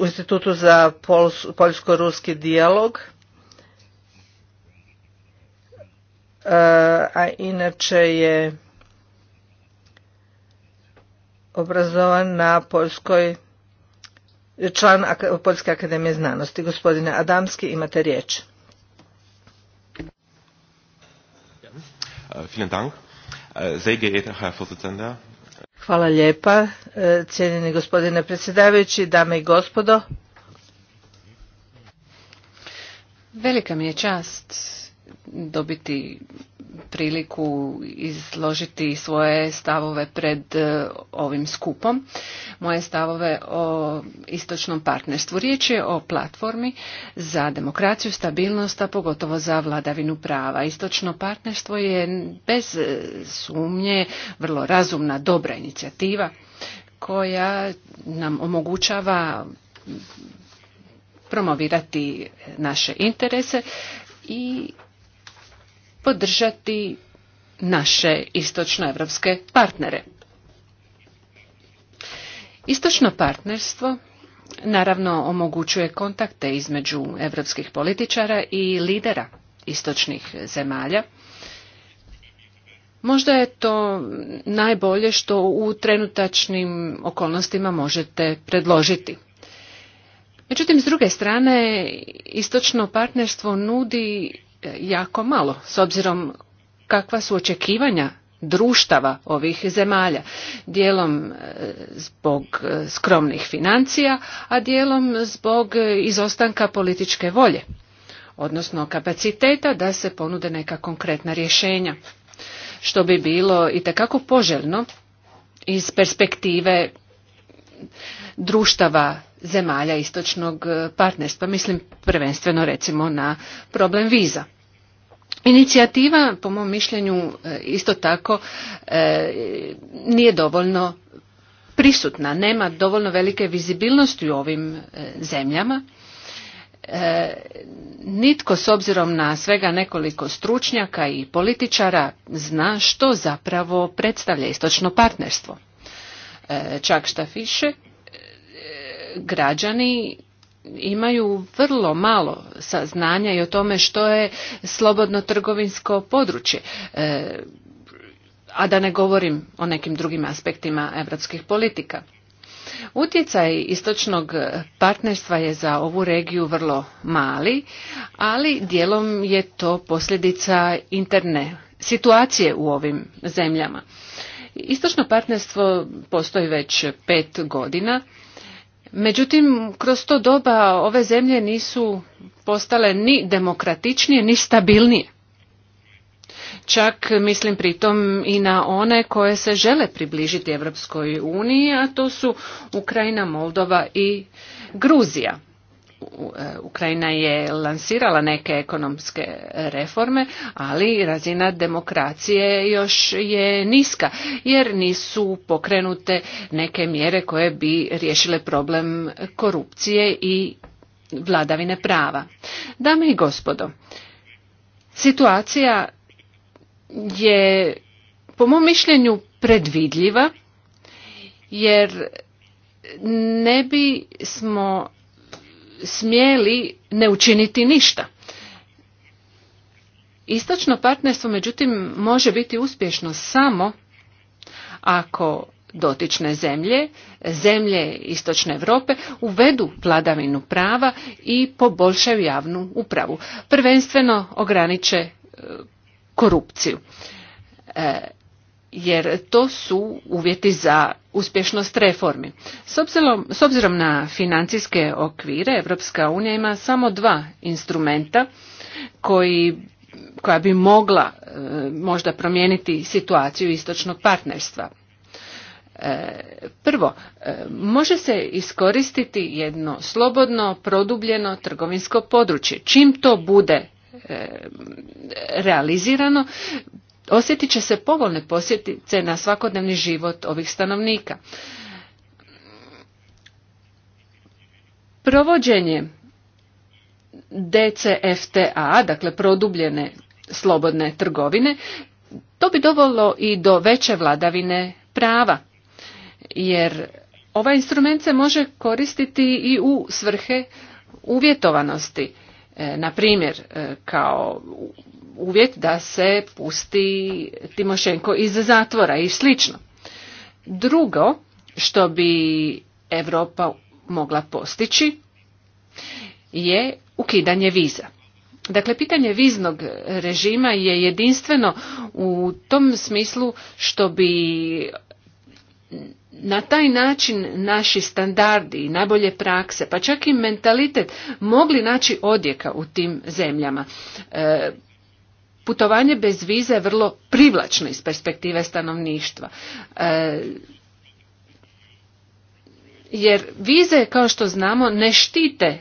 u Institutu za poljsko-ruski dijalog. E, a inače je obrazovan na Poljskoj član Poljske akademije znanosti. Gospodine Adamski, imate riječ. E, vielen Dank. E, sehr geehrter Herr Vorsitzender, Hvala lijepa, e, cijenjeni gospodine predsjedavajući, dame i gospodo. Velika mi je čast dobiti priliku izložiti svoje stavove pred e, ovim skupom, moje stavove o istočnom partnerstvu. Riječ je o platformi za demokraciju, stabilnost, a pogotovo za vladavinu prava. Istočno partnerstvo je bez e, sumnje vrlo razumna, dobra inicijativa koja nam omogućava promovirati naše interese i podržati naše istočnoevropske partnere. Istočno partnerstvo naravno omogućuje kontakte između europskih političara i lidera istočnih zemalja. Možda je to najbolje što u trenutačnim okolnostima možete predložiti. Međutim, s druge strane, istočno partnerstvo nudi jako malo, s obzirom kakva su očekivanja društava ovih zemalja, dijelom e, zbog e, skromnih financija, a dijelom zbog e, izostanka političke volje, odnosno kapaciteta da se ponude neka konkretna rješenja, što bi bilo i poželjno iz perspektive društava zemalja istočnog e, partnerstva. Mislim prvenstveno recimo na problem viza. Inicijativa, po mom mišljenju, e, isto tako e, nije dovoljno prisutna, nema dovoljno velike vizibilnosti u ovim zemljama. Nitko s obzirom na svega nekoliko stručnjaka i političara zna što zapravo predstavlja istočno partnerstvo. E, čak šta više, e, građani imaju vrlo malo saznanja i o tome što je slobodno trgovinsko područje e, a da ne govorim o nekim drugim aspektima europskih politika. Utjecaj istočnog partnerstva je za ovu regiju vrlo mali, ali dijelom je to posljedica interne situacije u ovim zemljama. Istočno partnerstvo postoji već pet godina. Međutim, kroz to doba ove zemlje nisu postale ni demokratičnije, ni stabilnije. Čak mislim pritom i na one koje se žele približiti Europskoj uniji, a to su Ukrajina, Moldova i Gruzija. E, Ukrajina je lansirala neke ekonomske reforme, ali razina demokracije još je niska jer nisu pokrenute neke mjere koje bi riješile problem korupcije i vladavine prava. Dame i gospodo, situacija je po mom mišljenju predvidljiva jer ne bi smo smjeli ne učiniti ništa. Istočno partnerstvo međutim može biti uspješno samo ako dotične zemlje, zemlje istočne Europe uvedu vladavinu prava i poboljšaju javnu upravu. Prvenstveno ograniče e, korupciju. E, jer to su uvjeti za uspješnost reformi. S obzirom, na financijske okvire, Europska unija ima samo dva instrumenta koji koja bi mogla e, možda promijeniti situaciju istočnog partnerstva. E, prvo, e, može se iskoristiti jedno slobodno, produbljeno trgovinsko područje. Čim to bude realizirano, osjetit će se povoljne posjetice na svakodnevni život ovih stanovnika. Provođenje DCFTA, dakle produbljene slobodne trgovine, to bi dovelo i do veće vladavine prava, jer ovaj instrument se može koristiti i u svrhe uvjetovanosti, e, na primjer e, kao uvjet da se pusti Timošenko iz zatvora i slično. Drugo što bi Europa mogla postići je ukidanje viza. Dakle, pitanje viznog režima je jedinstveno u tom smislu što bi na taj način naši standardi i najbolje prakse, pa čak i mentalitet mogli naći odjeka u tim zemljama. E, putovanje bez vize je vrlo privlačno iz perspektive stanovništva. E, jer vize, kao što znamo, ne štite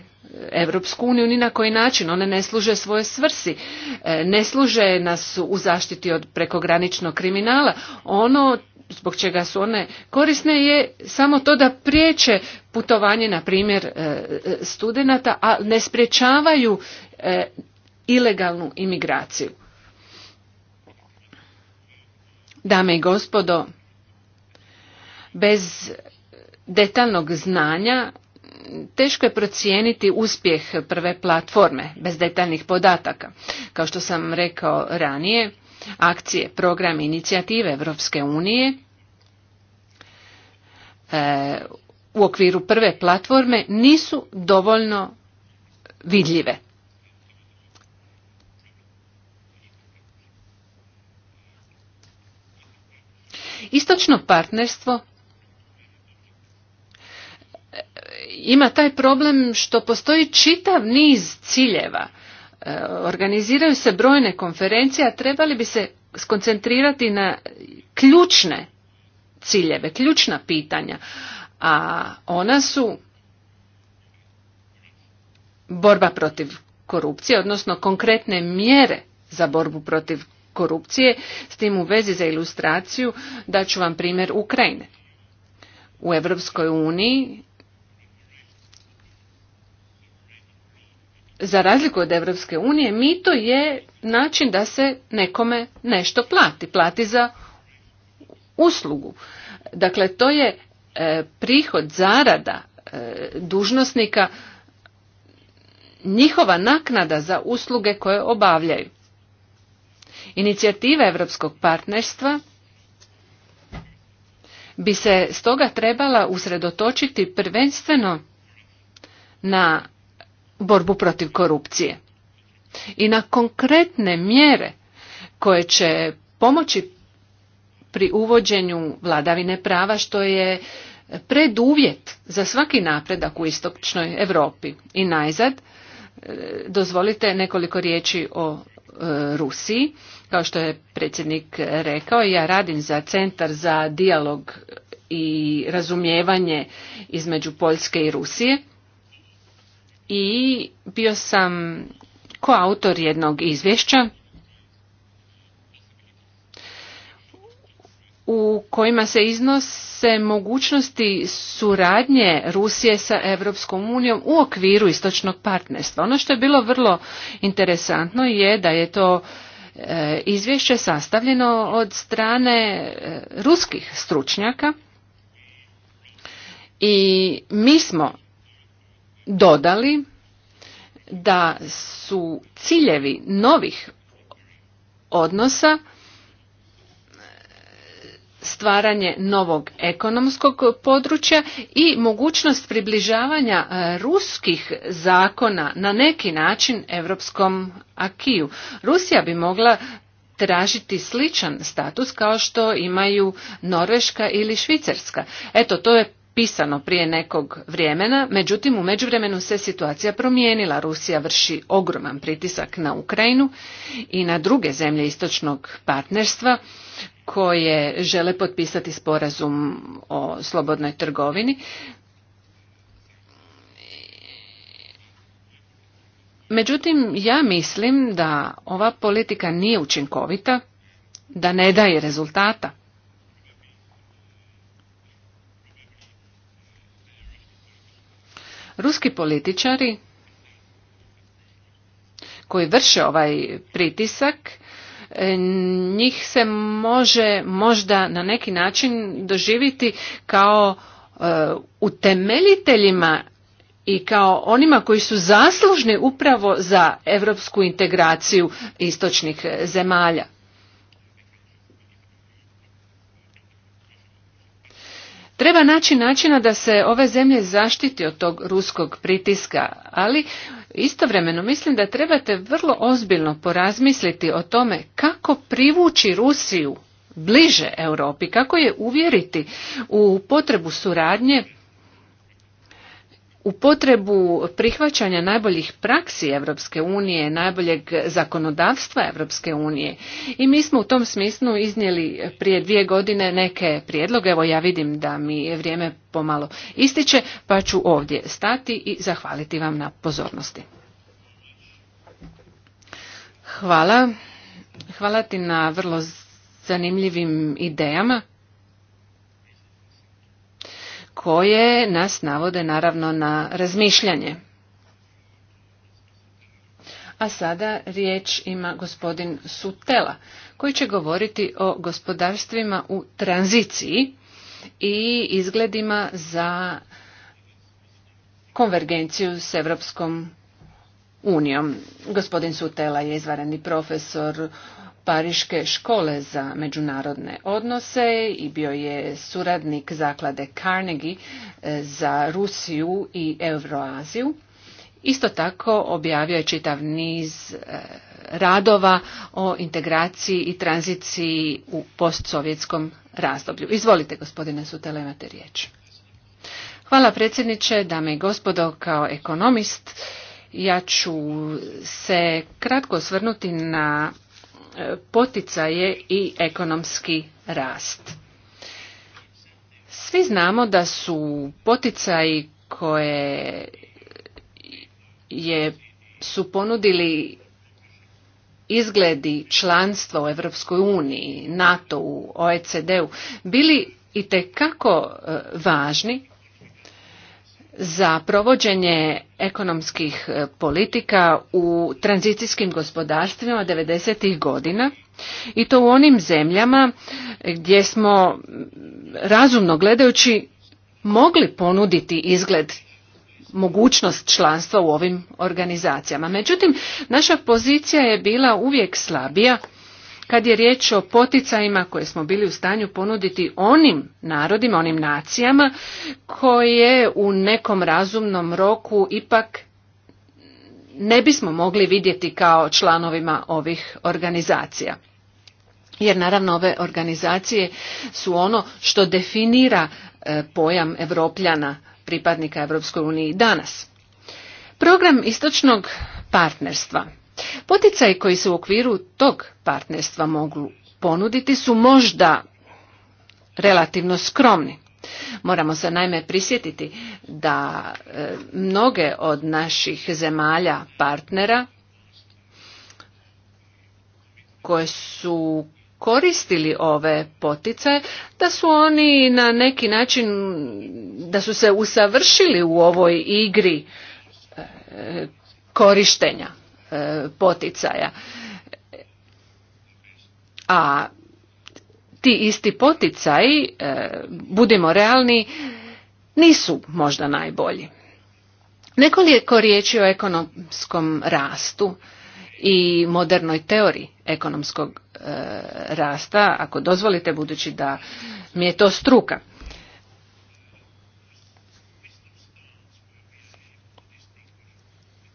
Europsku uniju ni na koji način. One ne služe svoje svrsi, e, ne služe nas u zaštiti od prekograničnog kriminala. Ono zbog čega su one korisne je samo to da priječe putovanje, na primjer, e, studenata, a ne sprječavaju ilegalnu imigraciju. Dame i gospodo, bez detaljnog znanja teško je procijeniti uspjeh prve platforme bez detaljnih podataka. Kao što sam rekao ranije, akcije, program, inicijative Europske unije e, u okviru prve platforme nisu dovoljno vidljive. Istočno partnerstvo ima taj problem što postoji čitav niz ciljeva. E, organiziraju se brojne konferencije, a trebali bi se skoncentrirati na ključne ciljeve, ključna pitanja. A ona su borba protiv korupcije, odnosno konkretne mjere za borbu protiv korupcije. S tim u vezi za ilustraciju ću vam primjer Ukrajine. U Europskoj uniji za razliku od Europske unije, mito je način da se nekome nešto plati, plati za uslugu. Dakle, to je e, prihod zarada dužnostnika, e, dužnosnika, njihova naknada za usluge koje obavljaju. Inicijativa Europskog partnerstva bi se stoga trebala usredotočiti prvenstveno na borbu protiv korupcije i na konkretne mjere koje će pomoći pri uvođenju vladavine prava što je preduvjet za svaki napredak u istočnoj Europi. I najzad e, dozvolite nekoliko riječi o e, Rusiji kao što je predsjednik rekao, ja radim za Centar za dijalog i razumijevanje između Poljske i Rusije i bio sam koautor jednog izvješća u kojima se iznose mogućnosti suradnje Rusije sa Europskom unijom u okviru istočnog partnerstva. Ono što je bilo vrlo interesantno je da je to E, izvješće sastavljeno od strane e, ruskih stručnjaka i mi smo dodali da su ciljevi novih odnosa stvaranje novog ekonomskog područja i mogućnost približavanja e, ruskih zakona na neki način europskom akiju. Rusija bi mogla tražiti sličan status kao što imaju Norveška ili Švicarska. Eto, to je pisano prije nekog vremena, međutim u međuvremenu se situacija promijenila. Rusija vrši ogroman pritisak na Ukrajinu i na druge zemlje istočnog partnerstva koje žele potpisati sporazum o slobodnoj trgovini. Međutim, ja mislim da ova politika nije učinkovita, da ne daje rezultata. Ruski političari koji vrše ovaj pritisak E, njih se može možda na neki način doživiti kao e, utemeljiteljima i kao onima koji su zaslužni upravo za europsku integraciju istočnih e, zemalja. Treba naći načina da se ove zemlje zaštiti od tog ruskog pritiska, ali Istovremeno mislim da trebate vrlo ozbiljno porazmisliti o tome kako privući Rusiju bliže Europi, kako je uvjeriti u potrebu suradnje u potrebu prihvaćanja najboljih praksi Europske unije, najboljeg zakonodavstva Europske unije. I mi smo u tom smislu iznijeli prije dvije godine neke prijedloge. Evo ja vidim da mi je vrijeme pomalo ističe, pa ću ovdje stati i zahvaliti vam na pozornosti. Hvala. Hvala ti na vrlo zanimljivim idejama koje nas navode naravno na razmišljanje. A sada riječ ima gospodin Sutela koji će govoriti o gospodarstvima u tranziciji i izgledima za konvergenciju s Europskom unijom. Gospodin Sutela je izvareni profesor Pariške škole za međunarodne odnose i bio je suradnik zaklade Carnegie e, za Rusiju i Euroaziju. Isto tako objavio je čitav niz e, radova o integraciji i tranziciji u postsovjetskom razdoblju. Izvolite gospodine Sutele, imate riječ. Hvala predsjedniče, dame i gospodo, kao ekonomist ja ću se kratko osvrnuti na E, poticaje i ekonomski rast. Svi znamo da su poticaji koje je, su ponudili izgledi članstva u Europskoj uniji, NATO-u, OECD-u bili i kako e, važni za provođenje ekonomskih e, politika u tranzicijskim gospodarstvima 90. godina i to u onim zemljama gdje smo razumno gledajući mogli ponuditi izgled mogućnost članstva u ovim organizacijama. Međutim, naša pozicija je bila uvijek slabija kad je riječ o poticajima koje smo bili u stanju ponuditi onim narodima, onim nacijama koje u nekom razumnom roku ipak ne bismo mogli vidjeti kao članovima ovih organizacija. Jer naravno ove organizacije su ono što definira e, pojam Evropljana pripadnika EU uniji danas. Program istočnog partnerstva Poticaj koji se u okviru tog partnerstva mogu ponuditi su možda relativno skromni. Moramo se naime prisjetiti da e, mnoge od naših zemalja partnera koje su koristili ove poticaje, da su oni na neki način, da su se usavršili u ovoj igri e, korištenja poticaja. A ti isti poticaji, e, budimo realni, nisu možda najbolji. Nekoliko riječi o ekonomskom rastu i modernoj teoriji ekonomskog e, rasta, ako dozvolite budući da mi je to struka.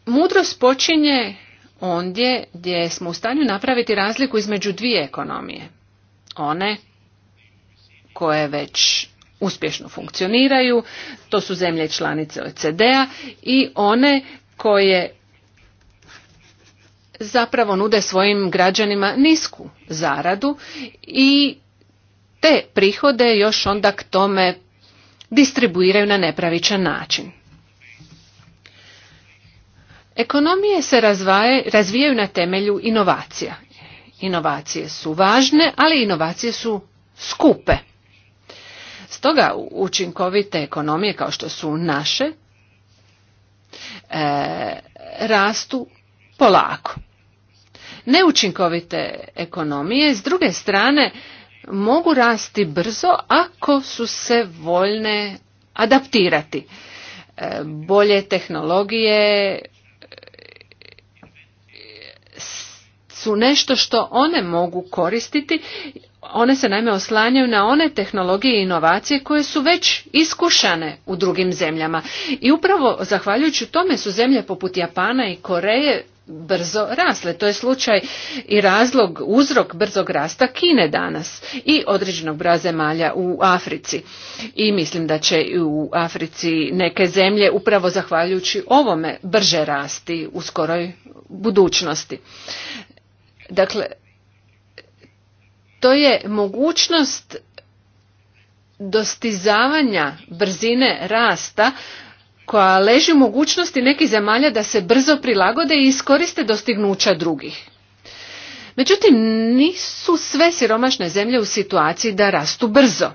Mudrost počinje ondje gdje smo u stanju napraviti razliku između dvije ekonomije. One koje već uspješno funkcioniraju, to su zemlje članice OECD-a i one koje zapravo nude svojim građanima nisku zaradu i te prihode još onda k tome distribuiraju na nepravičan način. Ekonomije se razvaje, razvijaju na temelju inovacija. Inovacije su važne, ali inovacije su skupe. Stoga učinkovite ekonomije kao što su naše e, rastu polako. Neučinkovite ekonomije s druge strane mogu rasti brzo ako su se voljne adaptirati. E, bolje tehnologije, su nešto što one mogu koristiti one se naime oslanjaju na one tehnologije i inovacije koje su već iskušane u drugim zemljama i upravo zahvaljujući tome su zemlje poput Japana i Koreje brzo rasle. To je slučaj i razlog, uzrok brzog rasta Kine danas i određenog broja zemalja u Africi. I mislim da će i u Africi neke zemlje upravo zahvaljujući ovome brže rasti u skoroj budućnosti. Dakle, to je mogućnost dostizavanja brzine rasta koja leži u mogućnosti nekih zemalja da se brzo prilagode i iskoriste dostignuća drugih. Međutim, nisu sve siromašne zemlje u situaciji da rastu brzo.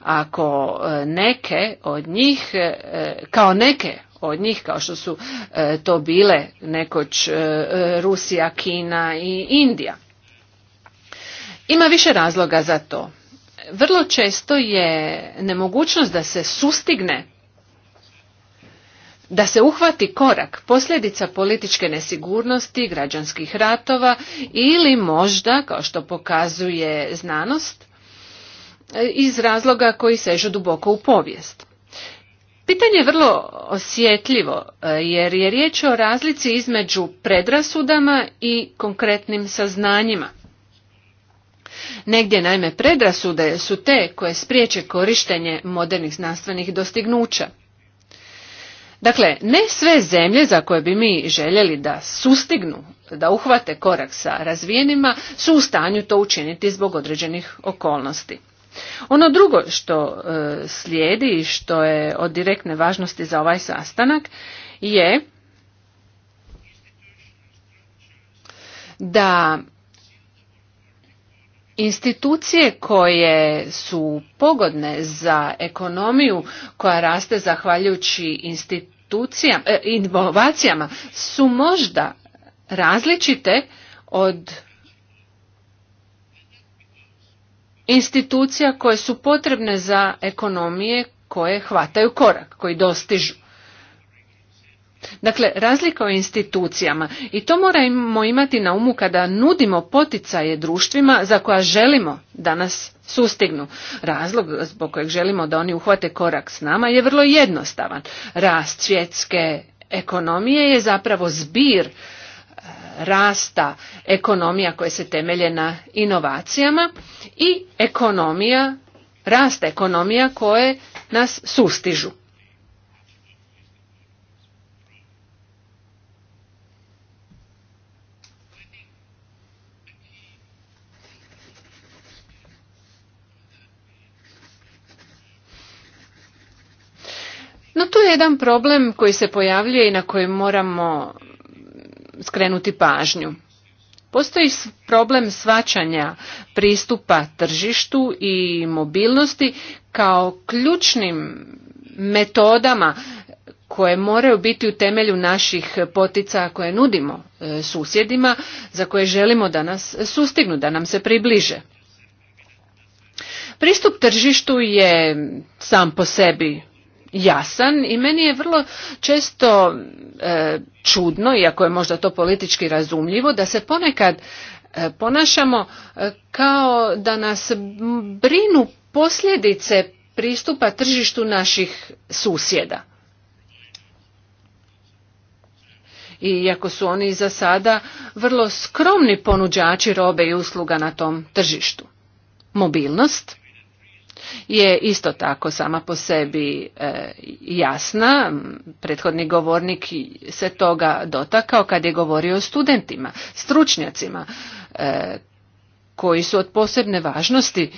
Ako e, neke od njih, e, e, kao neke od njih kao što su e, to bile nekoć e, Rusija, Kina i Indija. Ima više razloga za to. Vrlo često je nemogućnost da se sustigne da se uhvati korak posljedica političke nesigurnosti, građanskih ratova ili možda, kao što pokazuje znanost, e, iz razloga koji sežu duboko u povijest. Pitanje je vrlo osjetljivo e, jer je riječ o razlici između predrasudama i konkretnim saznanjima. Negdje naime predrasude su te koje spriječe korištenje modernih znanstvenih dostignuća. Dakle, ne sve zemlje za koje bi mi željeli da sustignu, da uhvate korak sa razvijenima, su u stanju to učiniti zbog određenih okolnosti. Ono drugo što e, slijedi i što je od direktne važnosti za ovaj sastanak je da Institucije koje su pogodne za ekonomiju koja raste zahvaljujući institucijama, e, inovacijama su možda različite od institucija koje su potrebne za ekonomije koje hvataju korak, koji dostižu. Dakle, razlika o institucijama i to moramo imati na umu kada nudimo poticaje društvima za koja želimo da nas sustignu. Razlog zbog kojeg želimo da oni uhvate korak s nama je vrlo jednostavan. Rast svjetske ekonomije je zapravo zbir rasta ekonomija koje se temelje na inovacijama i ekonomija, rasta ekonomija koje nas sustižu. No tu je jedan problem koji se pojavljuje i na kojem moramo skrenuti pažnju. Postoji problem svačanja pristupa tržištu i mobilnosti kao ključnim metodama koje moraju biti u temelju naših potica koje nudimo e, susjedima za koje želimo da nas sustignu, da nam se približe. Pristup tržištu je sam po sebi jasan i meni je vrlo često e, čudno, iako je možda to politički razumljivo, da se ponekad e, ponašamo e, kao da nas brinu posljedice pristupa tržištu naših susjeda. Iako su oni za sada vrlo skromni ponuđači robe i usluga na tom tržištu. Mobilnost je isto tako sama po sebi e, jasna. Prethodni govornik se toga dotakao kad je govorio o studentima, stručnjacima e, koji su od posebne važnosti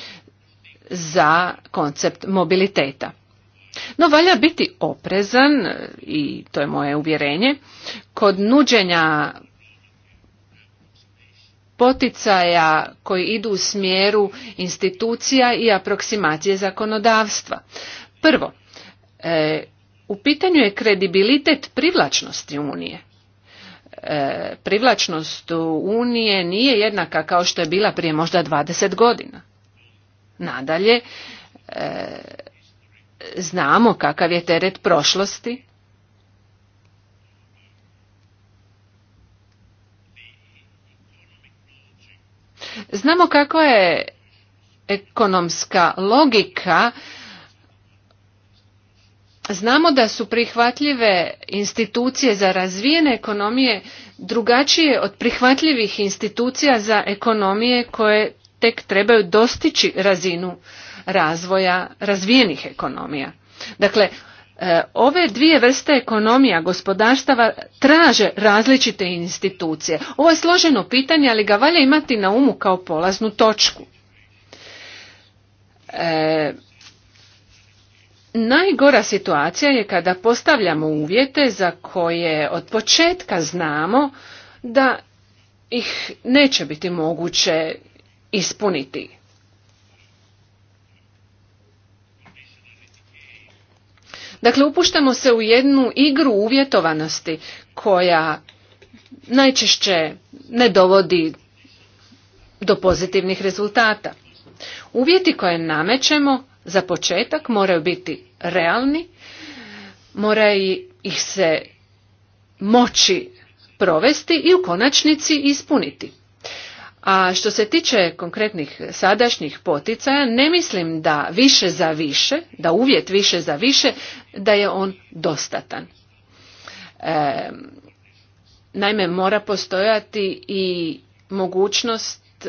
za koncept mobiliteta. No valja biti oprezan, e, i to je moje uvjerenje, kod nuđenja poticaja koji idu u smjeru institucija i aproksimacije zakonodavstva. Prvo, e, u pitanju je kredibilitet privlačnosti Unije. E, privlačnost Unije nije jednaka kao što je bila prije možda 20 godina. Nadalje, e, znamo kakav je teret prošlosti Znamo kako je ekonomska logika Znamo da su prihvatljive institucije za razvijene ekonomije drugačije od prihvatljivih institucija za ekonomije koje tek trebaju dostići razinu razvoja razvijenih ekonomija. Dakle, E, ove dvije vrste ekonomija gospodarstava traže različite institucije. Ovo je složeno pitanje, ali ga valja imati na umu kao polaznu točku. E, najgora situacija je kada postavljamo uvjete za koje od početka znamo da ih neće biti moguće ispuniti. Dakle, upuštamo se u jednu igru uvjetovanosti koja najčešće ne dovodi do pozitivnih rezultata. Uvjeti koje namećemo za početak moraju biti realni, moraju ih se moći provesti i u konačnici ispuniti. A što se tiče konkretnih sadašnjih poticaja, ne mislim da više za više, da uvjet više za više, da je on dostatan. E, naime, mora postojati i mogućnost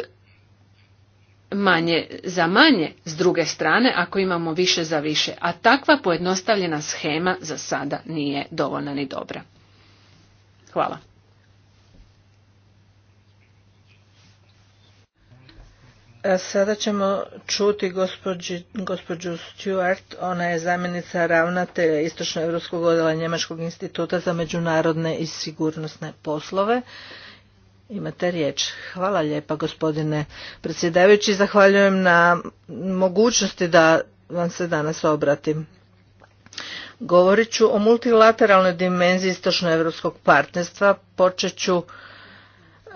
manje za manje s druge strane ako imamo više za više, a takva pojednostavljena schema za sada nije dovoljna ni dobra. Hvala. sada ćemo čuti gospođu Stuart, ona je zamjenica ravnatelja Istočno-Evropskog odjela Njemačkog instituta za međunarodne i sigurnosne poslove. Imate riječ. Hvala lijepa gospodine predsjedavajući. Zahvaljujem na mogućnosti da vam se danas obratim. Govorit ću o multilateralnoj dimenziji istočnoevropskog partnerstva. Počet ću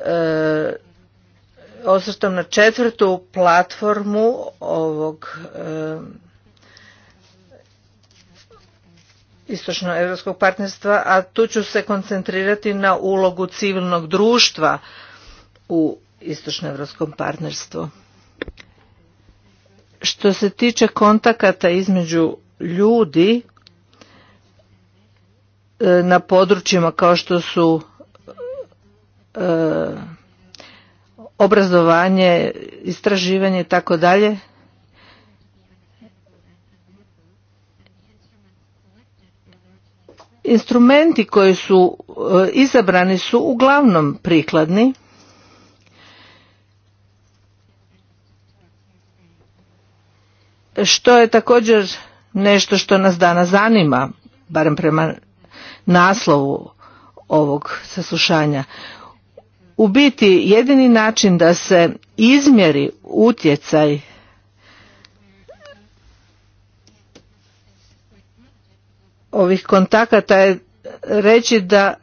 e, osvrtom na četvrtu platformu ovog istočno istočnoevropskog partnerstva, a tu ću se koncentrirati na ulogu civilnog društva u istočnoevropskom partnerstvu. Što se tiče kontakata između ljudi e, na područjima kao što su e, obrazovanje, istraživanje i tako dalje. Instrumenti koji su e, izabrani su uglavnom prikladni. Što je također nešto što nas danas zanima, barem prema naslovu ovog saslušanja. U biti jedini način da se izmjeri utjecaj ovih kontakata je reći da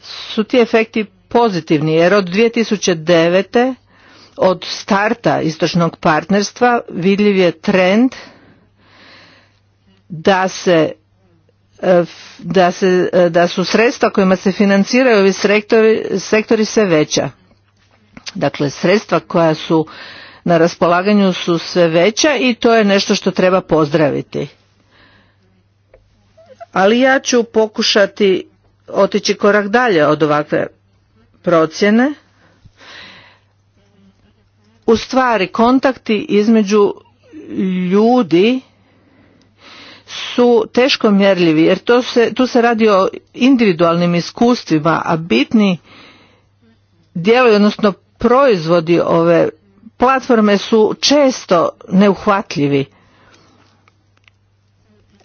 su ti efekti pozitivni jer od 2009. od starta istočnog partnerstva vidljiv je trend da se E, da, se, e, da su sredstva kojima se financiraju ovi sektori, sektori sve veća. Dakle, sredstva koja su na raspolaganju su sve veća i to je nešto što treba pozdraviti. Ali ja ću pokušati otići korak dalje od ovakve procjene. U stvari kontakti između ljudi su teško mjerljivi jer to se, tu se radi o individualnim iskustvima, a bitni dijelovi, odnosno proizvodi ove platforme su često neuhvatljivi.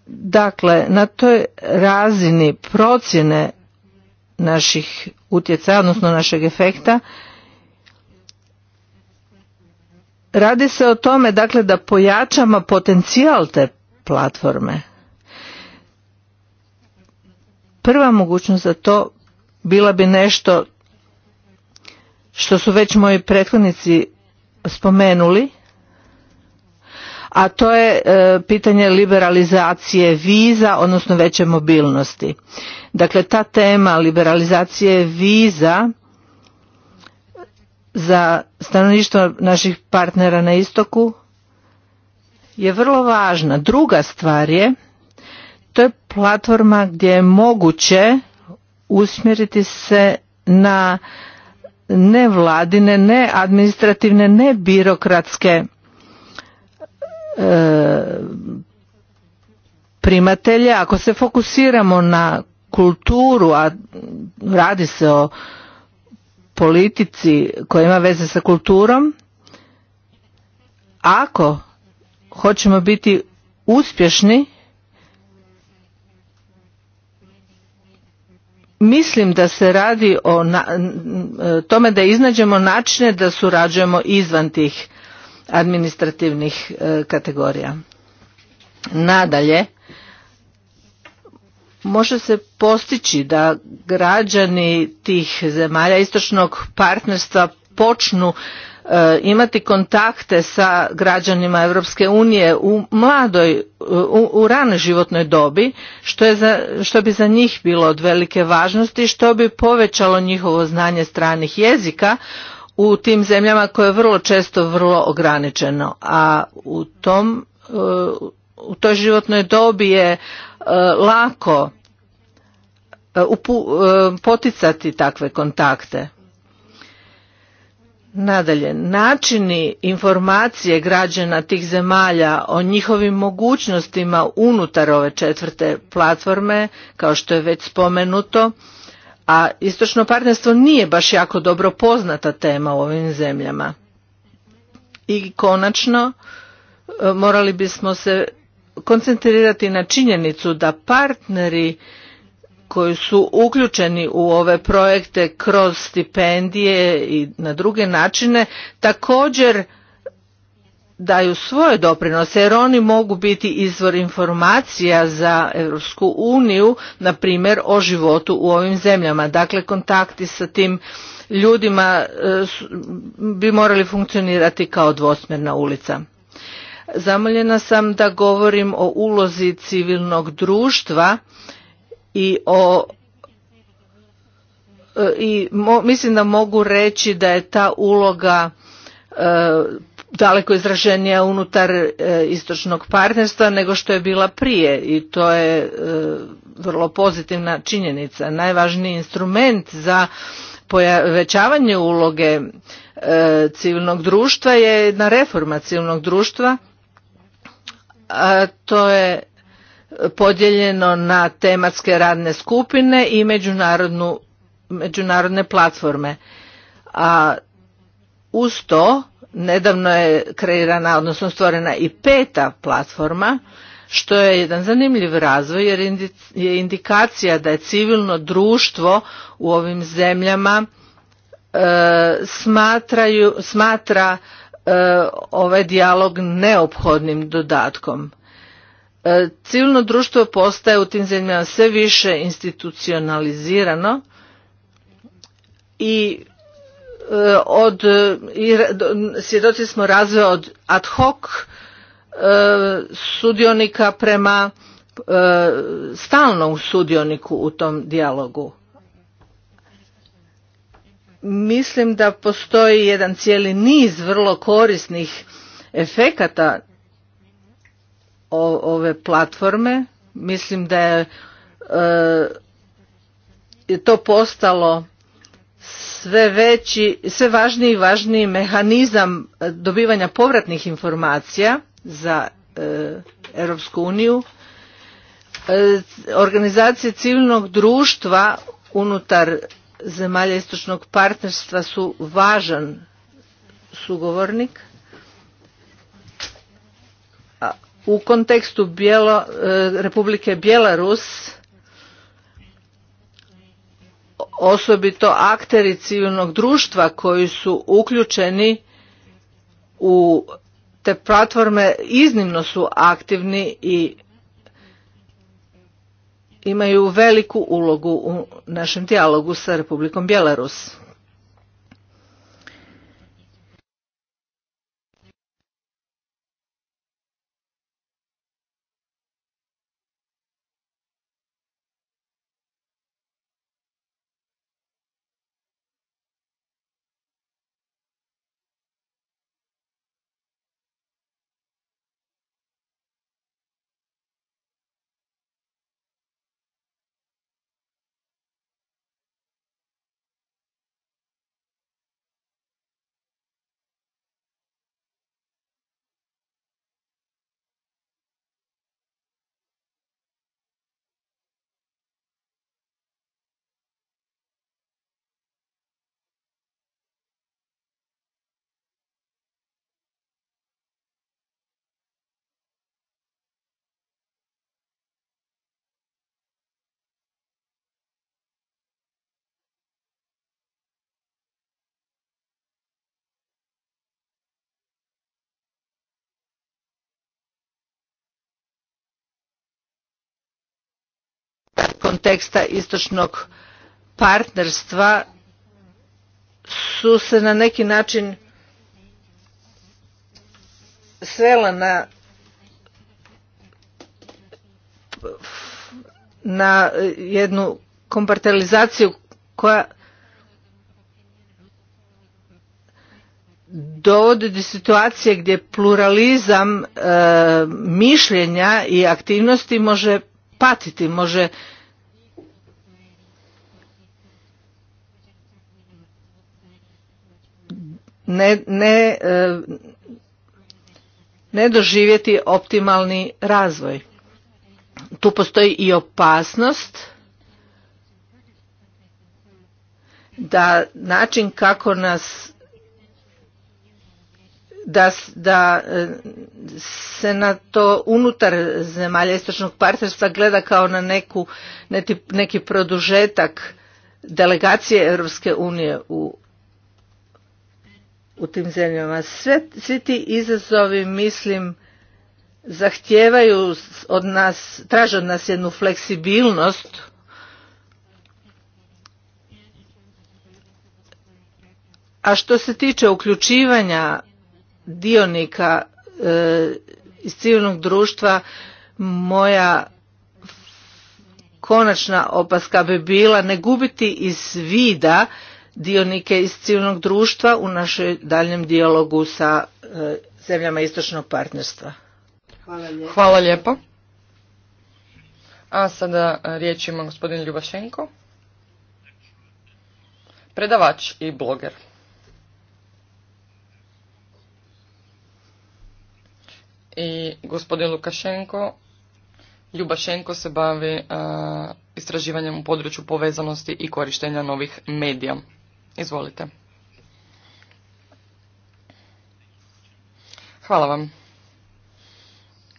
Dakle, na toj razini procjene naših utjecaja, odnosno našeg efekta, radi se o tome dakle da pojačamo potencijal te platforme. Prva mogućnost za to bila bi nešto što su već moji prethodnici spomenuli, a to je e, pitanje liberalizacije viza, odnosno veće mobilnosti. Dakle, ta tema liberalizacije viza za stanovništvo naših partnera na istoku je vrlo važna. Druga stvar je, to je platforma gdje je moguće usmjeriti se na nevladine, ne administrativne, ne birokratske e, primatelje. Ako se fokusiramo na kulturu, a radi se o politici koja ima veze sa kulturom, ako hoćemo biti uspješni mislim da se radi o tome da iznađemo načine da surađujemo izvan tih administrativnih e, kategorija nadalje može se postići da građani tih zemalja istočnog partnerstva počnu E, imati kontakte sa građanima Europske unije u mladoj, e, u, ranoj životnoj dobi, što, je što bi za njih bilo od velike važnosti, što bi povećalo njihovo znanje stranih jezika u tim zemljama koje je vrlo često vrlo ograničeno. A u tom, e, u toj životnoj dobi je lako poticati takve kontakte. Nadalje, načini informacije građana tih zemalja o njihovim mogućnostima unutar ove četvrte platforme, kao što je već spomenuto, a istočno partnerstvo nije baš jako dobro poznata tema u ovim zemljama. I konačno, e, morali bismo se koncentrirati na činjenicu da partneri koji su uključeni u ove projekte kroz stipendije i na druge načine također daju svoje doprinose jer oni mogu biti izvor informacija za Europsku uniju, na primjer o životu u ovim zemljama. Dakle, kontakti sa tim ljudima e, bi morali funkcionirati kao dvosmjerna ulica. Zamoljena sam da govorim o ulozi civilnog društva i o e, i mislim da mogu reći da je ta uloga e, daleko izraženija unutar e, istočnog partnerstva nego što je bila prije i to je e, vrlo pozitivna činjenica. Najvažniji instrument za povećavanje uloge civilnog društva je jedna reforma civilnog društva, a to je podijeljeno na tematske radne skupine i međunarodne platforme. A uz to nedavno je kreirana, odnosno stvorena i peta platforma, što je jedan zanimljiv razvoj jer je indikacija da je civilno društvo u ovim zemljama e, smatraju, smatra e, ovaj dijalog neophodnim dodatkom. E, civilno društvo postaje u tim zemljama sve više institucionalizirano i e, od, i svjedoci smo razvoja od ad hoc e, sudionika prema stalnom sudioniku u tom dijalogu. Mislim da postoji jedan cijeli niz vrlo korisnih efekata ove platforme. Mislim da e, je to postalo sve veći, sve važniji i važniji mehanizam dobivanja povratnih informacija za e, Europsku uniju. E, organizacije civilnog društva unutar zemalja istočnog partnerstva su važan sugovornik u kontekstu e, Republike Bjelarus osobito akteri civilnog društva koji su uključeni u te platforme iznimno su aktivni i imaju veliku ulogu u našem dijalogu sa Republikom Bjelarus. teksta istočnog partnerstva su se na neki način svela na na jednu kompartalizaciju koja dovodi do situacije gdje pluralizam e, mišljenja i aktivnosti može patiti, može ne, ne, e, ne doživjeti optimalni razvoj. Tu postoji i opasnost da način kako nas da, da e, se na to unutar zemalja istočnog partnerstva gleda kao na neku, neki produžetak delegacije Europske unije u u tim zemljama. Sve, svi ti izazovi, mislim, zahtijevaju od nas, traže od nas jednu fleksibilnost A što se tiče uključivanja dionika e, iz civilnog društva, moja konačna opaska bi bila ne gubiti iz vida dionike iz civilnog društva u našoj daljem dijalogu sa e, zemljama istočnog partnerstva. Hvala lijepo. A sada riječ ima gospodin Ljubašenko, predavač i bloger. I gospodin Lukašenko, Ljubašenko se bavi e, istraživanjem u području povezanosti i korištenja novih medija. Izvolite. Hvala vam.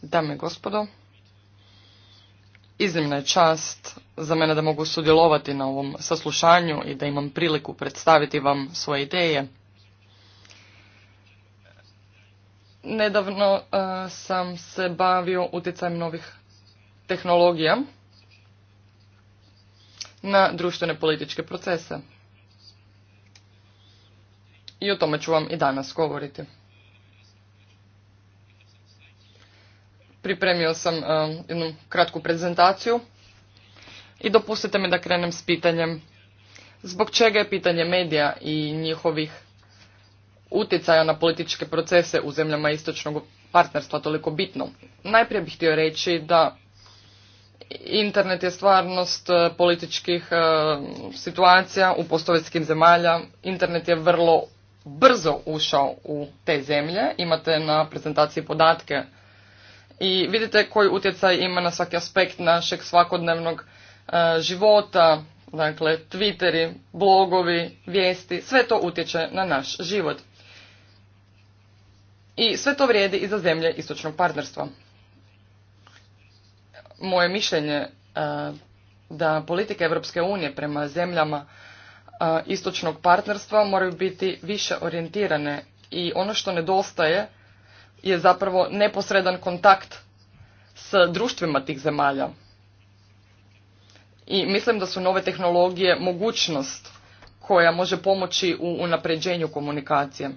Dame i gospodo, iznimna je čast za mene da mogu sudjelovati na ovom saslušanju i da imam priliku predstaviti vam svoje ideje. Nedavno e, sam se bavio utjecajem novih tehnologija na društvene političke procese i o tome ću vam i danas govoriti. Pripremio sam e, jednu kratku prezentaciju i dopustite mi da krenem s pitanjem zbog čega je pitanje medija i njihovih utjecaja na političke procese u zemljama istočnog partnerstva toliko bitno. Najprije bih htio reći da internet je stvarnost e, političkih e, situacija u postovetskim zemalja. Internet je vrlo brzo ušao u te zemlje, imate na prezentaciji podatke i vidite koji utjecaj ima na svaki aspekt našeg svakodnevnog e, života, dakle Twitteri, blogovi, vijesti, sve to utječe na naš život. I sve to vrijedi i za zemlje istočnog partnerstva. Moje mišljenje e, da politika Europske unije prema zemljama istočnog partnerstva moraju biti više orijentirane i ono što nedostaje je zapravo neposredan kontakt s društvima tih zemalja. I mislim da su nove tehnologije mogućnost koja može pomoći u unapređenju komunikacije.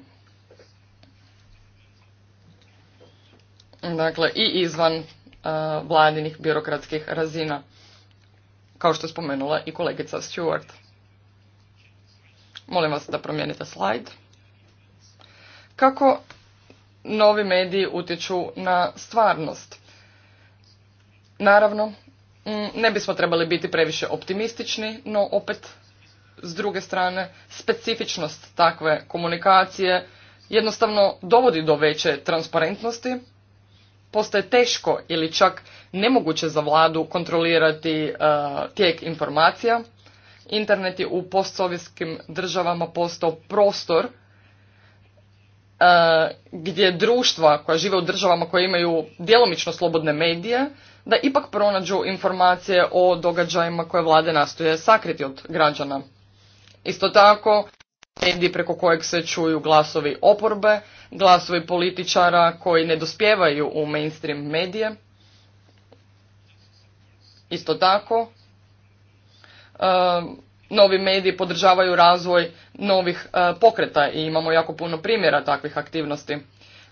Dakle, i izvan vladinih birokratskih razina, kao što je spomenula i kolegica Stewart. Molim vas da promijenite slajd. Kako novi mediji utječu na stvarnost? Naravno, mm, ne bismo trebali biti previše optimistični, no opet s druge strane specifičnost takve komunikacije jednostavno dovodi do veće transparentnosti, postaje teško ili čak nemoguće za vladu kontrolirati eh, tijek informacija Internet je u postsovjetskim državama postao prostor e, gdje društva koja žive u državama koje imaju djelomično slobodne medije, da ipak pronađu informacije o događajima koje vlade nastoje sakriti od građana. Isto tako, mediji preko kojeg se čuju glasovi oporbe, glasovi političara koji ne dospjevaju u mainstream medije. Isto tako, novi mediji podržavaju razvoj novih e, pokreta i imamo jako puno primjera takvih aktivnosti.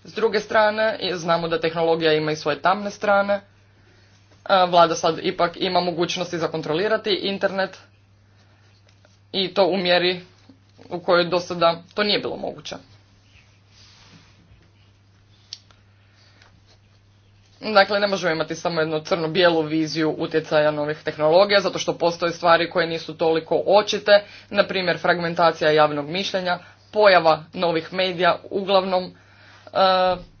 S druge strane, znamo da tehnologija ima i svoje tamne strane. E, vlada sad ipak ima mogućnosti kontrolirati internet i to u mjeri u kojoj do sada to nije bilo moguće. Dakle, ne možemo imati samo jednu crno-bijelu viziju utjecaja novih tehnologija, zato što postoje stvari koje nisu toliko očite, na primjer fragmentacija javnog mišljenja, pojava novih medija uglavnom e,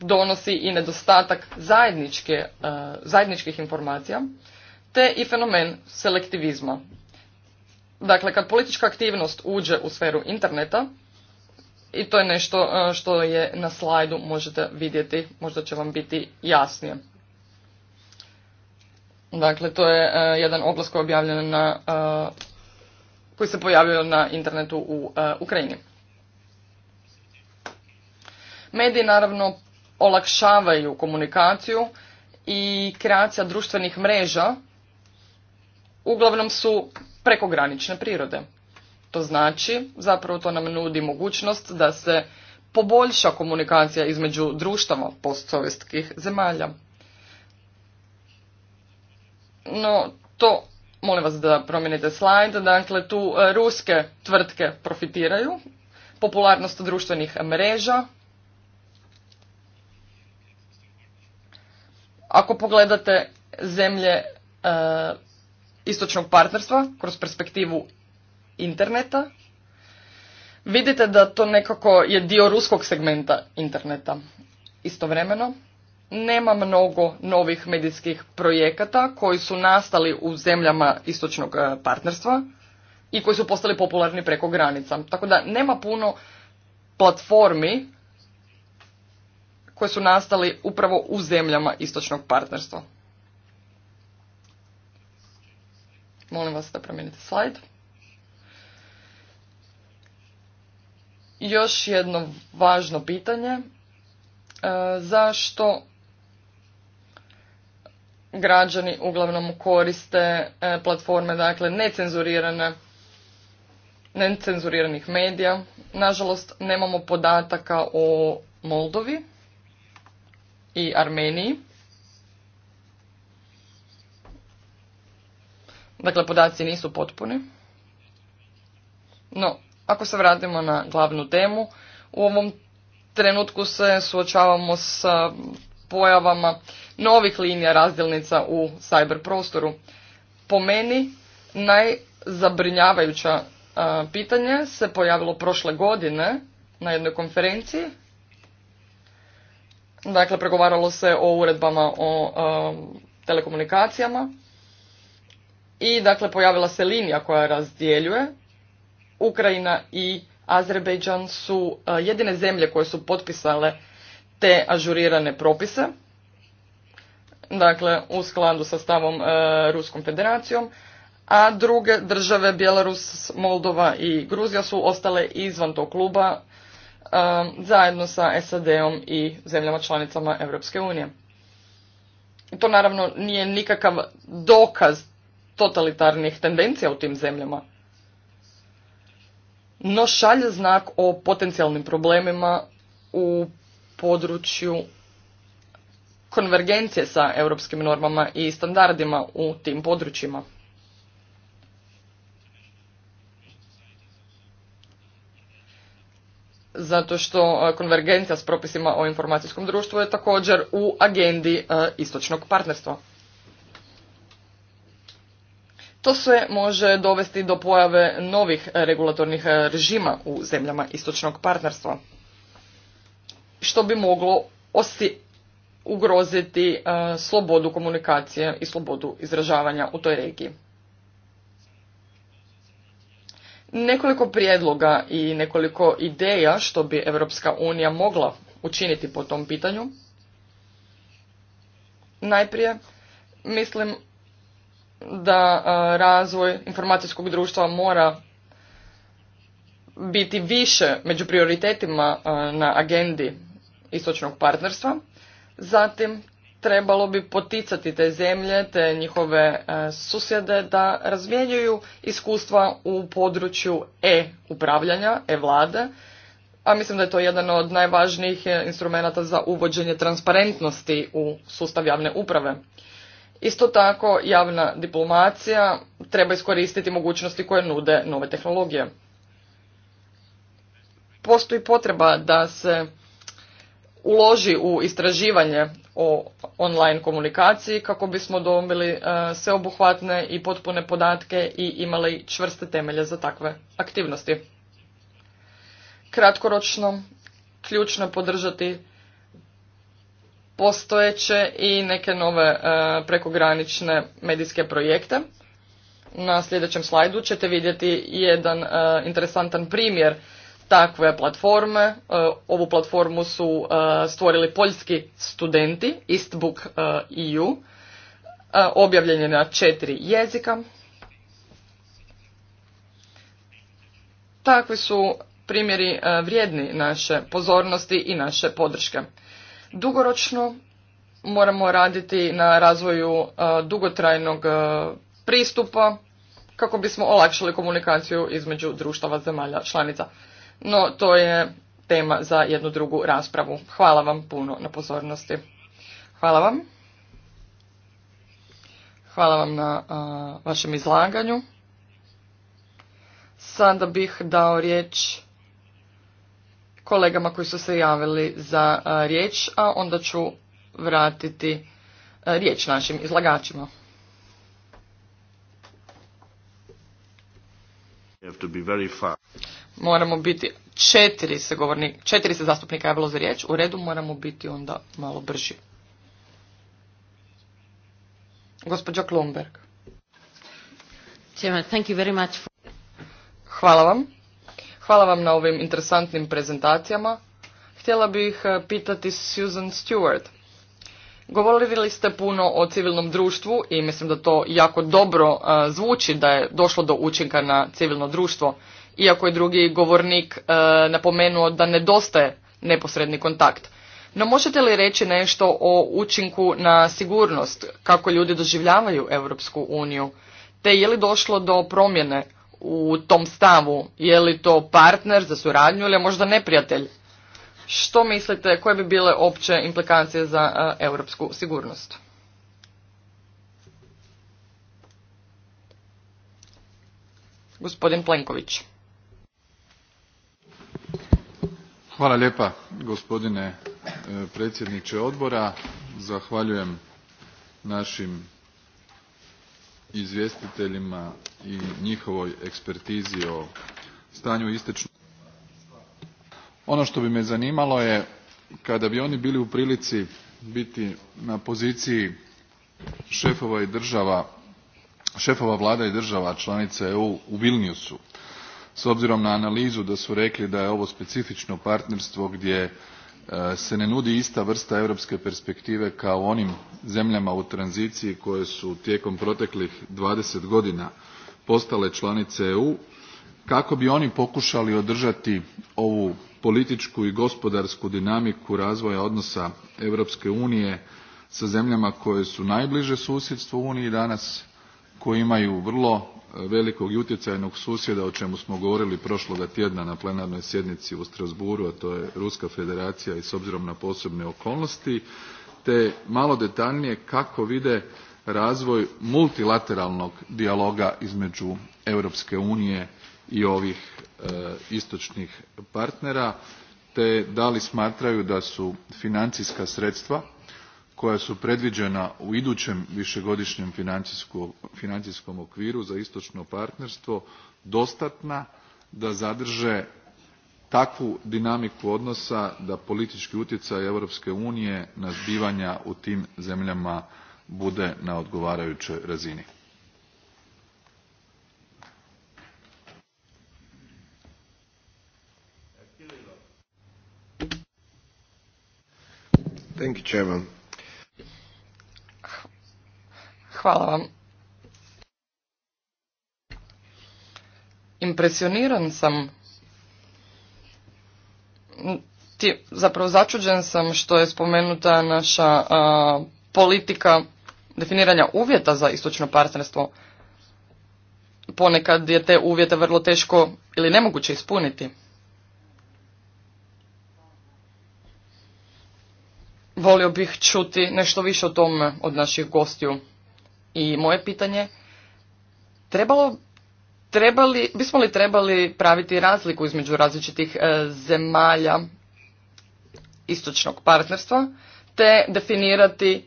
donosi i nedostatak zajedničke, e, zajedničkih informacija, te i fenomen selektivizma. Dakle, kad politička aktivnost uđe u sferu interneta, i to je nešto e, što je na slajdu možete vidjeti, možda će vam biti jasnije. Dakle, to je e, jedan oglas koji je objavljen na, e, koji se pojavio na internetu u Ukrajini. Mediji naravno olakšavaju komunikaciju i kreacija društvenih mreža uglavnom su prekogranične prirode. To znači, zapravo to nam nudi mogućnost da se poboljša komunikacija između društava postsovjetskih zemalja. No, to, molim vas da promijenite slajd, dakle tu e, ruske tvrtke profitiraju, popularnost društvenih mreža. Ako pogledate zemlje e, istočnog partnerstva kroz perspektivu interneta, vidite da to nekako je dio ruskog segmenta interneta. Istovremeno, nema mnogo novih medijskih projekata koji su nastali u zemljama istočnog e, partnerstva i koji su postali popularni preko granica. Tako da nema puno platformi koje su nastali upravo u zemljama istočnog partnerstva. Molim vas da promijenite slajd. još jedno važno pitanje. E, zašto građani uglavnom koriste e, platforme, dakle, necenzurirane necenzuriranih medija. Nažalost, nemamo podataka o Moldovi i Armeniji. Dakle, podaci nisu potpuni. No, ako se vratimo na glavnu temu, u ovom trenutku se suočavamo s pojavama novih linija razdjelnica u cyber prostoru. Po meni najzabrinjavajuća pitanje se pojavilo prošle godine na jednoj konferenciji. Dakle, pregovaralo se o uredbama o telekomunikacijama i dakle pojavila se linija koja razdjeljuje Ukrajina i Azerbejdžan su e, jedine zemlje koje su potpisale te ažurirane propise, dakle u skladu sa stavom e, Ruskom federacijom, a druge države, Bjelarus, Moldova i Gruzija su ostale izvan tog kluba e, zajedno sa SAD-om i zemljama članicama Europske unije. To naravno nije nikakav dokaz totalitarnih tendencija u tim zemljama no šalje znak o potencijalnim problemima u području konvergencije sa europskim normama i standardima u tim područjima. Zato što e, konvergencija s propisima o informacijskom društvu je također u agendi e, istočnog partnerstva. To sve može dovesti do pojave novih regulatornih e, režima u zemljama istočnog partnerstva, što bi moglo osi ugroziti e, slobodu komunikacije i slobodu izražavanja u toj regiji. Nekoliko prijedloga i nekoliko ideja što bi Europska unija mogla učiniti po tom pitanju. Najprije mislim da e, razvoj informacijskog društva mora biti više među prioritetima e, na agendi istočnog partnerstva. Zatim, trebalo bi poticati te zemlje, te njihove e, susjede da razmjenjuju iskustva u području e-upravljanja, e-vlade, a mislim da je to jedan od najvažnijih instrumenata za uvođenje transparentnosti u sustav javne uprave. Isto tako, javna diplomacija treba iskoristiti mogućnosti koje nude nove tehnologije. Postoji potreba da se uloži u istraživanje o online komunikaciji kako bismo dobili e, sveobuhvatne i potpune podatke i imali čvrste temelje za takve aktivnosti. Kratkoročno, ključno je podržati postojeće i neke nove e, prekogranične medijske projekte. Na sljedećem slajdu ćete vidjeti jedan e, interesantan primjer takve platforme. E, ovu platformu su stvorili poljski studenti Eastbook EU. Objavljen je na četiri jezika. Takvi su primjeri vrijedni naše pozornosti i naše podrške. Dugoročno moramo raditi na razvoju e, dugotrajnog e, pristupa kako bismo olakšali komunikaciju između društava zemalja članica. No, to je tema za jednu drugu raspravu. Hvala vam puno na pozornosti. Hvala vam. Hvala vam na e, vašem izlaganju. Sada bih dao riječ kolegama koji su se javili za riječ, a onda ću vratiti riječ našim izlagačima. Moramo biti četiri se govorni, četiri se zastupnika javilo za riječ, u redu moramo biti onda malo brži. Gospođa Klumberg. Hvala vam Hvala vam na ovim interesantnim prezentacijama. Htjela bih eh, pitati Susan Stewart. Govorili ste puno o civilnom društvu i mislim da to jako dobro eh, zvuči da je došlo do učinka na civilno društvo, iako je drugi govornik eh, napomenuo da nedostaje neposredni kontakt. No možete li reći nešto o učinku na sigurnost, kako ljudi doživljavaju Europsku uniju, te je li došlo do promjene u tom stavu? Je li to partner za suradnju ili možda neprijatelj? Što mislite, koje bi bile opće implikacije za e, europsku sigurnost? Gospodin Plenković. Hvala lijepa gospodine e, predsjedniče odbora. Zahvaljujem našim izvjestiteljima i njihovoj ekspertizi o stanju istočne ono što bi me zanimalo je kada bi oni bili u prilici biti na poziciji šefova i država šefova vlada i država članica eu u vilniusu s obzirom na analizu da su rekli da je ovo specifično partnerstvo gdje Eh, se ne nudi ista vrsta europske perspektive kao onim zemljama u tranziciji koje su tijekom proteklih twenty godina postale članice eu kako bi oni pokušali održati ovu političku i gospodarsku dinamiku razvoja odnosa europske unije sa zemljama koje su najbliže susjedstvu uniji danas koje imaju vrlo velikog i utjecajnog susjeda o čemu smo govorili prošloga tjedna na plenarnoj sjednici u Strasbourgu, a to je Ruska federacija i s obzirom na posebne okolnosti, te malo detaljnije kako vide razvoj multilateralnog dijaloga između Europske unije i ovih e, istočnih partnera, te da li smatraju da su financijska sredstva koja su predviđena u idućem višegodišnjem financijskom okviru za istočno partnerstvo dostatna da zadrže takvu dinamiku odnosa da politički utjecaj europske unije na zbivanja u tim zemljama bude na odgovarajućoj razini. Hvala vam. Impresioniran sam. Ti, zapravo začuđen sam što je spomenuta naša politika definiranja uvjeta za istočno partnerstvo. Ponekad je te uvjete vrlo teško ili nemoguće ispuniti. Volio bih čuti nešto više o tome od naših gostiju. I moje pitanje, trebalo, trebali, bismo li trebali praviti razliku između različitih e, zemalja istočnog partnerstva, te definirati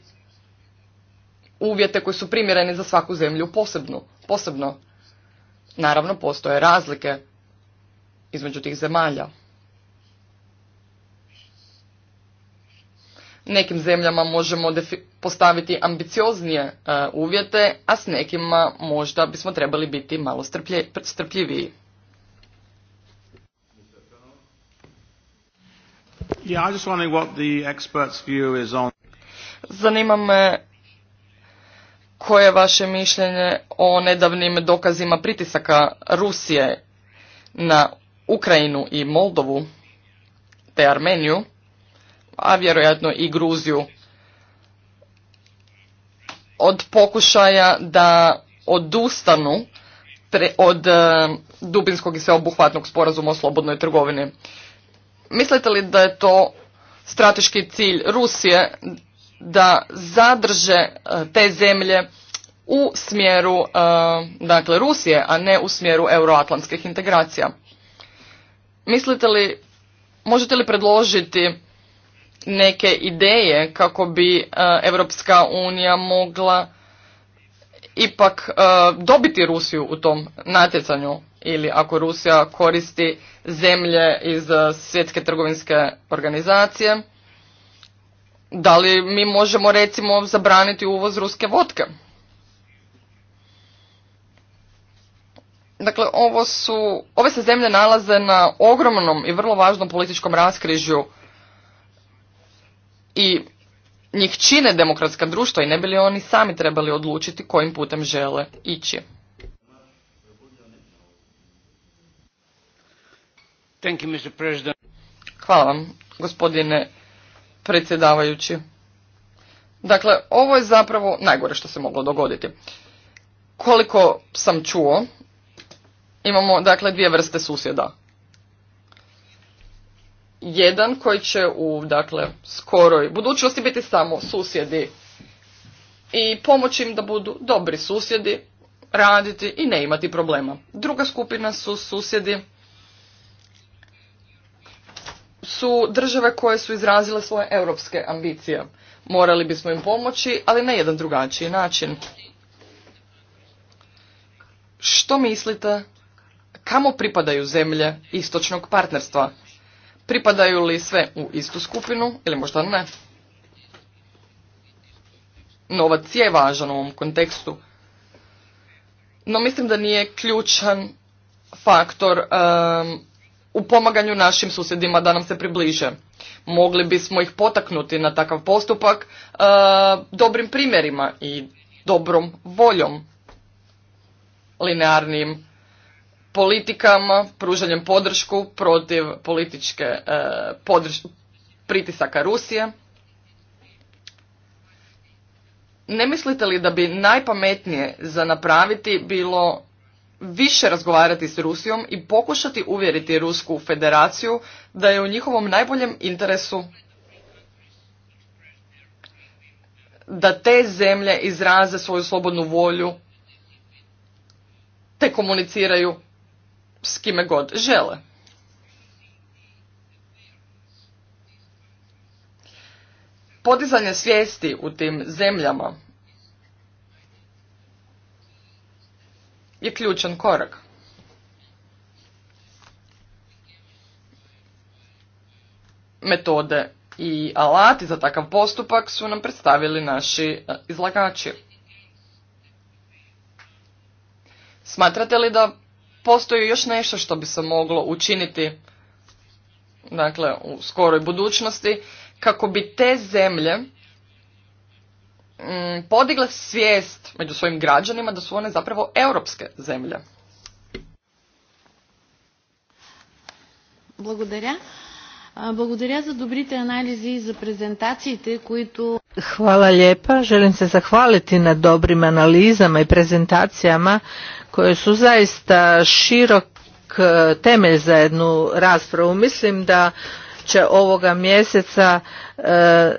uvjete koji su primjereni za svaku zemlju posebno. posebno. Naravno, postoje razlike između tih zemalja. nekim zemljama možemo postaviti ambicioznije e, uvjete, a s nekima možda bismo trebali biti malo strpljiviji. Zanima me koje je vaše mišljenje o nedavnim dokazima pritisaka Rusije na Ukrajinu i Moldovu te Armeniju a vjerojatno i Gruziju od pokušaja da odustanu pre, od e, dubinskog i sveobuhvatnog sporazuma o slobodnoj trgovini. Mislite li da je to strateški cilj Rusije da zadrže e, te zemlje u smjeru e, dakle Rusije, a ne u smjeru euroatlantskih integracija? Mislite li, možete li predložiti neke ideje kako bi Europska unija mogla ipak e, dobiti Rusiju u tom natjecanju ili ako Rusija koristi zemlje iz e, svjetske trgovinske organizacije, da li mi možemo recimo zabraniti uvoz ruske vodke? Dakle, ovo su, ove se zemlje nalaze na ogromnom i vrlo važnom političkom raskrižju i njih čine demokratska društva i ne bi li oni sami trebali odlučiti kojim putem žele ići. Thank you, Mr. Hvala vam, gospodine predsjedavajući. Dakle, ovo je zapravo najgore što se moglo dogoditi. Koliko sam čuo, imamo dakle dvije vrste susjeda jedan koji će u dakle, skoroj budućnosti biti samo susjedi i pomoći im da budu dobri susjedi, raditi i ne imati problema. Druga skupina su susjedi su države koje su izrazile svoje europske ambicije. Morali bismo im pomoći, ali na jedan drugačiji način. Što mislite? Kamo pripadaju zemlje istočnog partnerstva? Pripadaju li sve u istu skupinu ili možda ne? Novac je važan u ovom kontekstu, no mislim da nije ključan faktor u pomaganju našim susjedima da nam se približe. Mogli bismo ih potaknuti na takav postupak dobrim primjerima i dobrom voljom, linearnim politikama, pružanjem podršku protiv političke e, pritisaka Rusije. Ne mislite li da bi najpametnije za napraviti bilo više razgovarati s Rusijom i pokušati uvjeriti Rusku federaciju da je u njihovom najboljem interesu da te zemlje izraze svoju slobodnu volju te komuniciraju s kime god žele. Podizanje svijesti u tim zemljama je ključan korak. Metode i alati za takav postupak su nam predstavili naši e, izlagači. Smatrate li da postoji još nešto što bi se moglo učiniti dakle u skoroj budućnosti kako bi te zemlje mm, podigle svijest među svojim građanima da su one zapravo europske zemlje. Благодаря. Благодаря за добрите анализи и за презентациите, които Hvala lijepa. Želim se zahvaliti na dobrim analizama i prezentacijama koje su zaista širok e, temelj za jednu raspravu. Mislim da će ovoga mjeseca e,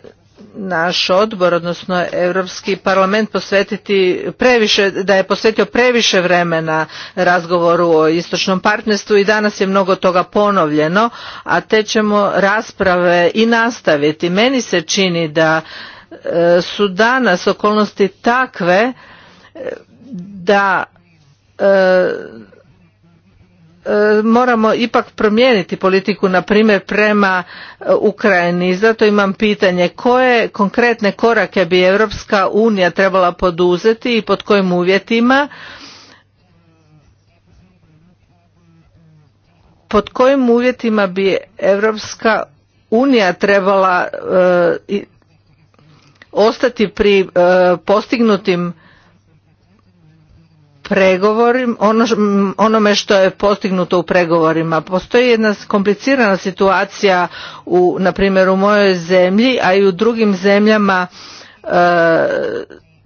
naš odbor, odnosno Europski parlament posvetiti previše, da je posvetio previše vremena razgovoru o istočnom partnerstvu i danas je mnogo toga ponovljeno, a te ćemo rasprave i nastaviti. Meni se čini da E, su danas okolnosti takve e, da e, moramo ipak promijeniti politiku na primjer prema Ukrajini. Zato imam pitanje koje konkretne korake bi Europska unija trebala poduzeti i pod kojim uvjetima pod kojim uvjetima bi Europska unija trebala ostati pri e, postignutim pregovorima, ono onome što je postignuto u pregovorima. Postoji jedna komplicirana situacija u, na primjer, u mojoj zemlji, a i u drugim zemljama e,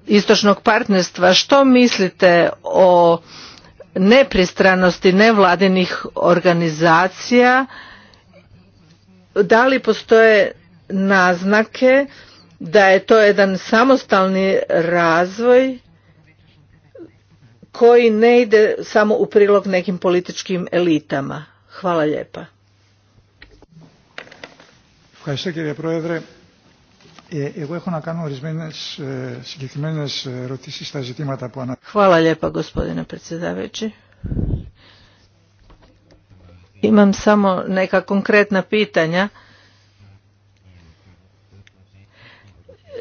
istočnog partnerstva. Što mislite o nepristranosti nevladinih organizacija? Da li postoje naznake da je to jedan samostalni razvoj koji ne ide samo u prilog nekim političkim elitama. Hvala lijepa. Hvala e, e, e, lijepa gospodine predsjedavajući. Imam samo neka konkretna pitanja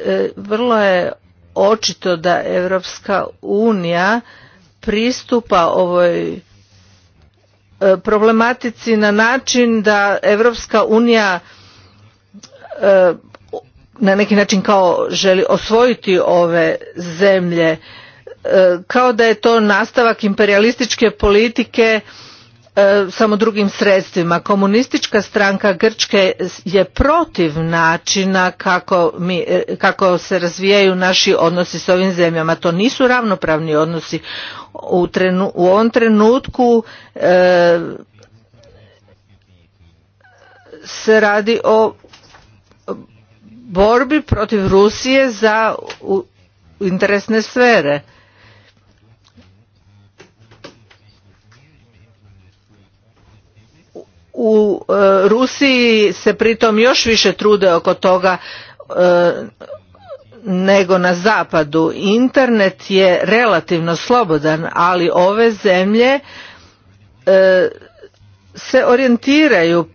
E, vrlo je očito da Europska unija pristupa ovoj e, problematici na način da Europska unija e, na neki način kao želi osvojiti ove zemlje kao da je to nastavak imperialističke politike E, samo drugim sredstvima. Komunistička stranka Grčke je protiv načina kako, mi, e, kako se razvijaju naši odnosi s ovim zemljama. To nisu ravnopravni odnosi. U, trenu, ovom trenutku e, se radi o borbi protiv Rusije za interesne sfere. u e, Rusiji se pritom još više trude oko toga e, nego na zapadu. Internet je relativno slobodan, ali ove zemlje e, se orijentiraju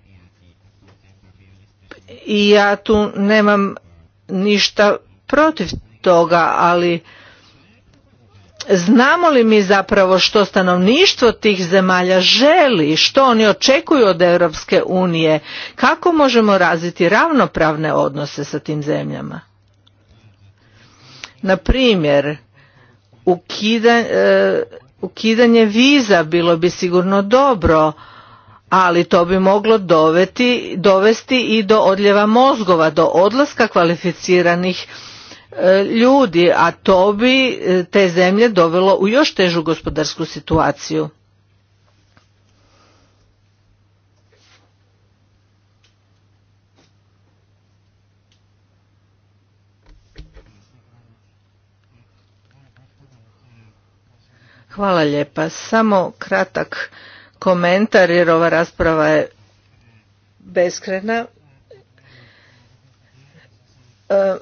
i ja tu nemam ništa protiv toga, ali znamo li mi zapravo što stanovništvo tih zemalja želi, što oni očekuju od Europske unije, kako možemo razviti ravnopravne odnose sa tim zemljama? Na primjer, e, ukidanje viza bilo bi sigurno dobro, ali to bi moglo dovesti i do odljeva mozgova, do odlaska kvalificiranih E, ljudi, a to bi e, te zemlje dovelo u još težu gospodarsku situaciju. Hvala lijepa. Samo kratak komentar jer ova rasprava je beskrena. E,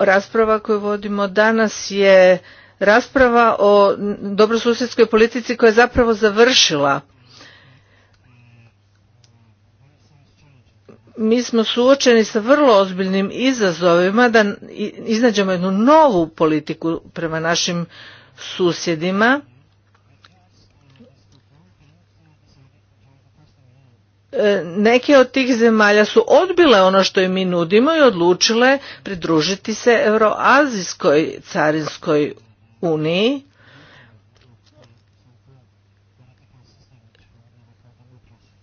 rasprava koju vodimo danas je rasprava o dobrosusjedskoj politici koja je zapravo završila. Mi smo suočeni sa vrlo ozbiljnim izazovima da iznađemo jednu novu politiku prema našim susjedima E, neke od tih zemalja su odbile ono što im mi nudimo i odlučile pridružiti se Euroazijskoj carinskoj uniji.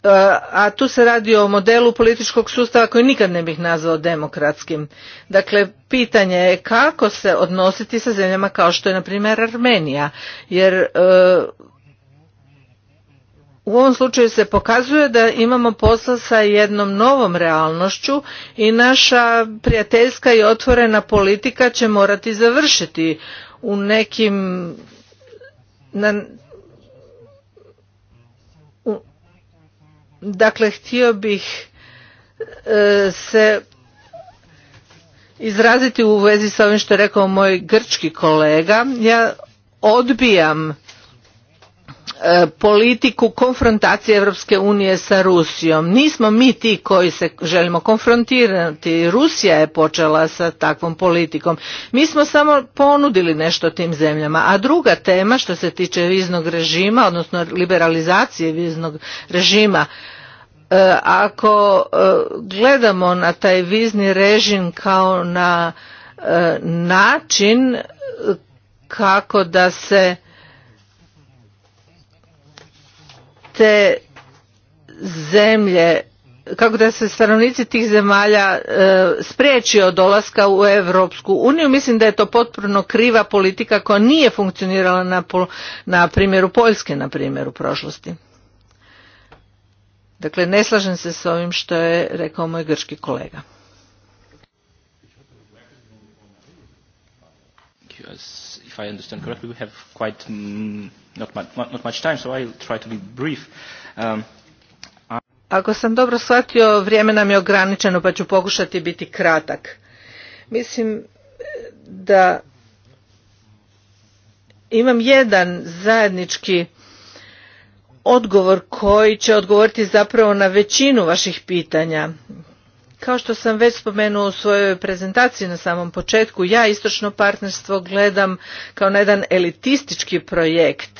E, a tu se radi o modelu političkog sustava koji nikad ne bih nazvao demokratskim. Dakle, pitanje je kako se odnositi sa zemljama kao što je, na primjer, Armenija. Jer e, u ovom slučaju se pokazuje da imamo posla sa jednom novom realnošću i naša prijateljska i otvorena politika će morati završiti u nekim dakle htio bih e, se izraziti u vezi sa ovim što je rekao moj grčki kolega ja odbijam E, politiku konfrontacije Europske unije sa Rusijom. Nismo mi ti koji se želimo konfrontirati. Rusija je počela sa takvom politikom. Mi smo samo ponudili nešto tim zemljama. A druga tema što se tiče viznog režima, odnosno liberalizacije viznog režima, e, ako e, gledamo na taj vizni režim kao na način kako da se te zemlje kako da se stanovnici tih zemalja e, spriječi od dolaska u Europsku uniju. Mislim da je to potpuno kriva politika koja nije funkcionirala na, primjeru Poljske, na primjeru prošlosti. Dakle, ne slažem se s ovim što je rekao moj grčki kolega not, not much time, so try to be brief. Um, Ako sam dobro shvatio, vrijeme nam je ograničeno, pa ću pokušati biti kratak. Mislim eh, da imam jedan zajednički odgovor koji će odgovoriti zapravo na većinu vaših pitanja kao što sam već spomenuo u svojoj prezentaciji na samom početku, ja istočno partnerstvo gledam kao na jedan elitistički projekt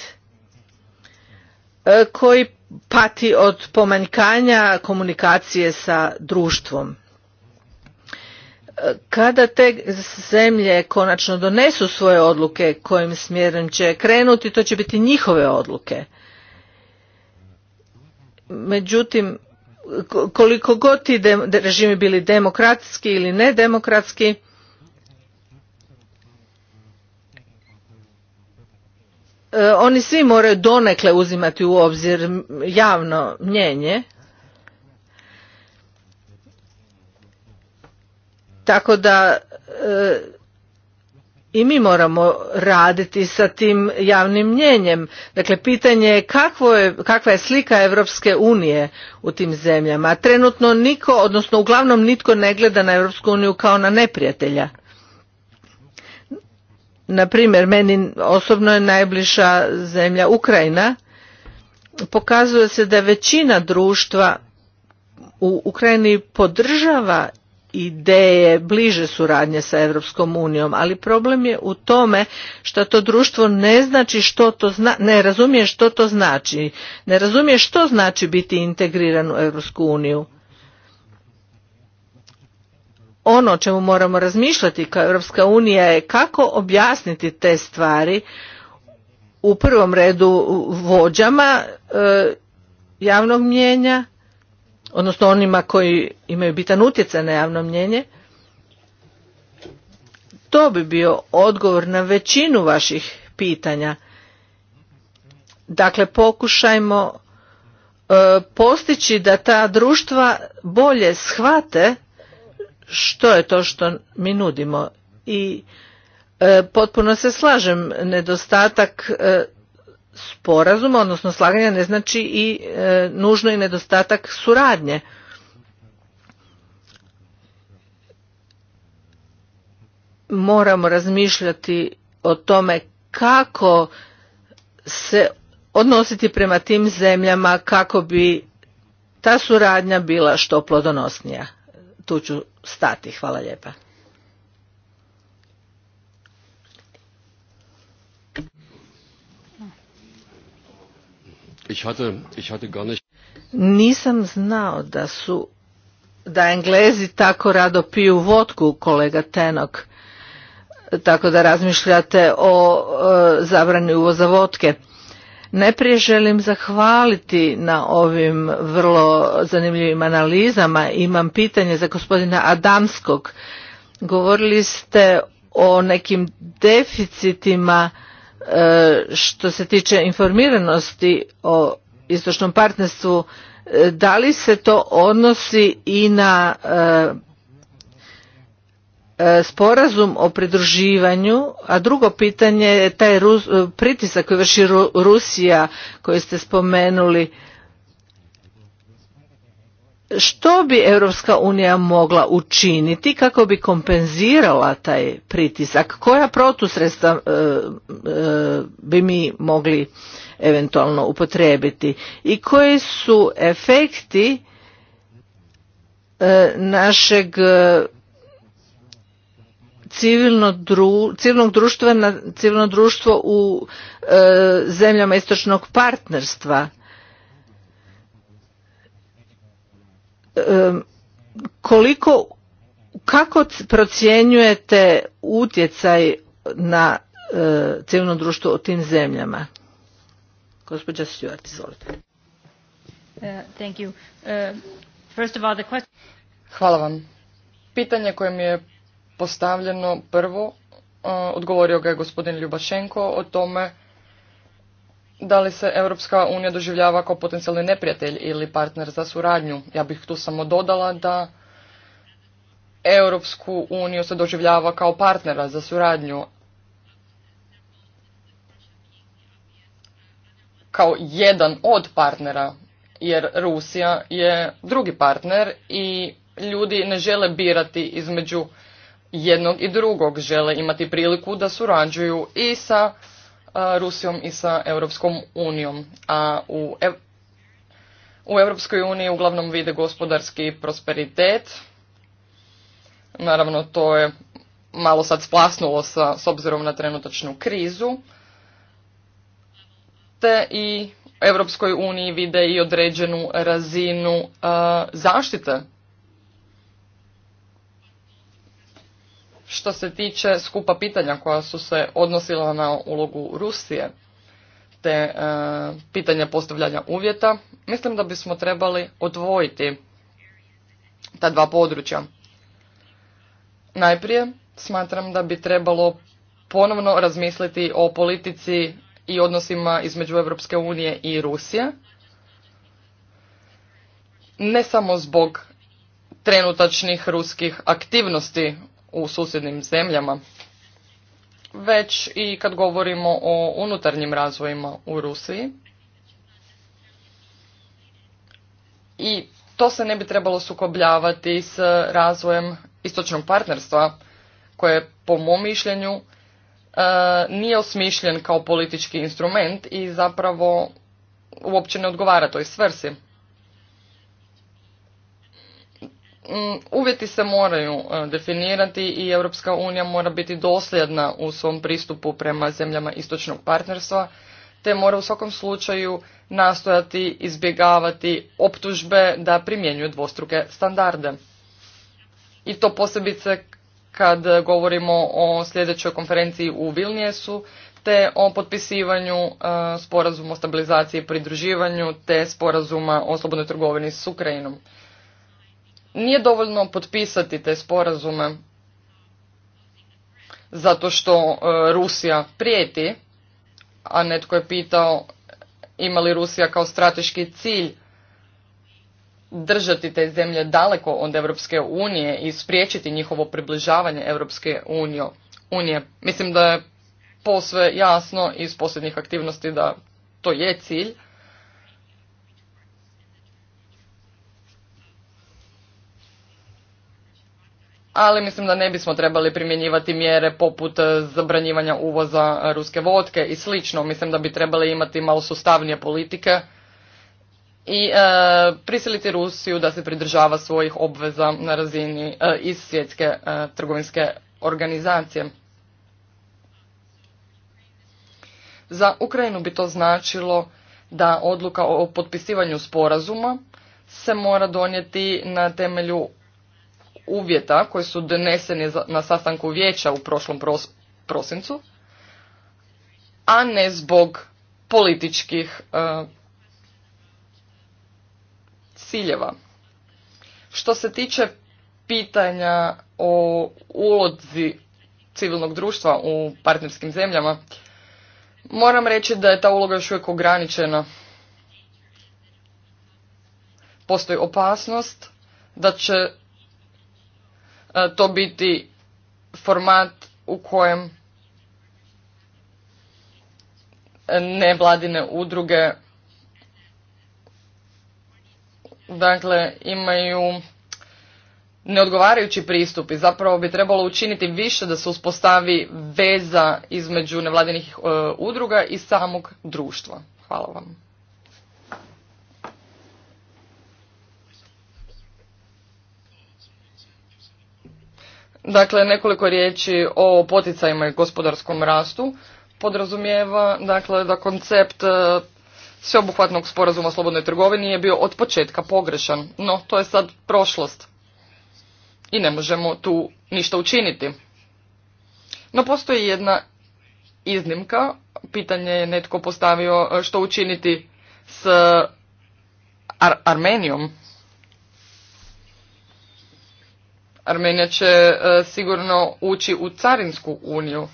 e, koji pati od pomanjkanja komunikacije sa društvom. E, kada te zemlje konačno donesu svoje odluke kojim smjerom će krenuti, to će biti njihove odluke. Međutim, koliko god ti režimi bili demokratski ili nedemokratski e, oni svi moraju donekle uzimati u obzir javno mnjenje tako da e, i mi moramo raditi sa tim javnim mnjenjem. Dakle, pitanje je, kakva je slika Europske unije u tim zemljama. Trenutno niko, odnosno uglavnom nitko ne gleda na Europsku uniju kao na neprijatelja. Naprimjer, meni osobno je najbliža zemlja Ukrajina. Pokazuje se da većina društva u Ukrajini podržava ideje bliže suradnje sa Europskom unijom, ali problem je u tome što to društvo ne znači što to zna, ne razumije što to znači, ne razumije što znači biti integriran u Europsku uniju. Ono o čemu moramo razmišljati kao Europska unija je kako objasniti te stvari u prvom redu vođama e, javnog mjenja, odnosno onima koji imaju bitan utjecaj na javno mnjenje, to bi bio odgovor na većinu vaših pitanja. Dakle, pokušajmo e, postići da ta društva bolje shvate što je to što mi nudimo. I e, potpuno se slažem, nedostatak e, sporazuma, odnosno slaganja ne znači i e, nužno i nedostatak suradnje. Moramo razmišljati o tome kako se odnositi prema tim zemljama kako bi ta suradnja bila što plodonosnija. Tu ću stati. Hvala lijepa. Nisam znao da su da Englezi tako rado piju vodku, kolega Tenok. Tako da razmišljate o e, zabrani uvoza votke. Najprije želim zahvaliti na ovim vrlo zanimljivim analizama. Imam pitanje za gospodina Adamskog. Govorili ste o nekim deficitima E, što se tiče informiranosti o istočnom partnerstvu e, da li se to odnosi i na e, sporazum o pridruživanju a drugo pitanje je taj pritisak koji vrši Rusija koji ste spomenuli što bi Europska unija mogla učiniti kako bi kompenzirala taj pritisak? Koja protusredstva e, e, bi mi mogli eventualno upotrijebiti? I koji su efekti e, našeg civilno civilnog društva na civilno društvo u zemljama istočnog partnerstva? koliko kako procjenjujete utjecaj na e, civilno društvo u tim zemljama? Gospođa Stuart, izvolite. Uh, uh, Hvala vam. Pitanje koje mi je postavljeno prvo, uh, odgovorio ga je gospodin Ljubašenko o tome da li se Europska unija doživljava kao potencijalni neprijatelj ili partner za suradnju. Ja bih tu samo dodala da Europsku uniju se doživljava kao partnera za suradnju, kao jedan od partnera, jer Rusija je drugi partner i ljudi ne žele birati između jednog i drugog, žele imati priliku da surađuju i sa Rusijom i sa Europskom unijom. A u, Ev u Europskoj uniji uglavnom vide gospodarski prosperitet. Naravno, to je malo sad splasnulo sa, s obzirom na trenutačnu krizu. Te i Europskoj uniji vide i određenu razinu zaštite što se tiče skupa pitanja koja su se odnosila na ulogu Rusije, te e, pitanja postavljanja uvjeta, mislim da bismo trebali odvojiti ta dva područja. Najprije smatram da bi trebalo ponovno razmisliti o politici i odnosima između Europske unije i Rusije, ne samo zbog trenutačnih ruskih aktivnosti u susjednim zemljama, već i kad govorimo o unutarnjim razvojima u Rusiji. I to se ne bi trebalo sukobljavati s razvojem istočnog partnerstva koje po mom mišljenju e, nije osmišljen kao politički instrument i zapravo uopće ne odgovara toj svrsi. Mm, uvjeti se moraju e, definirati i Europska unija mora biti dosljedna u svom pristupu prema zemljama istočnog partnerstva, te mora u svakom slučaju nastojati izbjegavati optužbe da primjenjuje dvostruke standarde. I to posebice kad govorimo o sljedećoj konferenciji u Vilnijesu, te o potpisivanju e, sporazuma o stabilizaciji i pridruživanju, te sporazuma o slobodnoj trgovini s Ukrajinom nije dovoljno potpisati te sporazume zato što e, Rusija prijeti, a netko je pitao ima li Rusija kao strateški cilj držati te zemlje daleko od Europske unije i spriječiti njihovo približavanje Europske unije. Mislim da je posve jasno iz posljednjih aktivnosti da to je cilj, ali mislim da ne bismo trebali primjenjivati mjere poput e, zabranjivanja uvoza ruske vodke i slično. Mislim da bi trebali imati malo sustavnije politike i e, prisiliti Rusiju da se pridržava svojih obveza na razini e, iz svjetske e, trgovinske organizacije. Za Ukrajinu bi to značilo da odluka o potpisivanju sporazuma se mora donijeti na temelju uvjeta koji su doneseni na sastanku vijeća u prošlom prosincu, a ne zbog političkih e, ciljeva. Što se tiče pitanja o ulozi civilnog društva u partnerskim zemljama, moram reći da je ta uloga još uvijek ograničena. Postoji opasnost da će E, to biti format u kojem nevladine udruge dakle imaju neodgovarajući pristup i zapravo bi trebalo učiniti više da se uspostavi veza između nevladinih e, udruga i samog društva. Hvala vam. Dakle, nekoliko riječi o poticajima i gospodarskom rastu podrazumijeva dakle, da koncept e, sveobuhvatnog sporazuma o slobodnoj trgovini je bio od početka pogrešan, no to je sad prošlost i ne možemo tu ništa učiniti. No postoji jedna iznimka, pitanje je netko postavio e, što učiniti s Armenijom. Armenija će e, sigurno ući u carinsku uniju.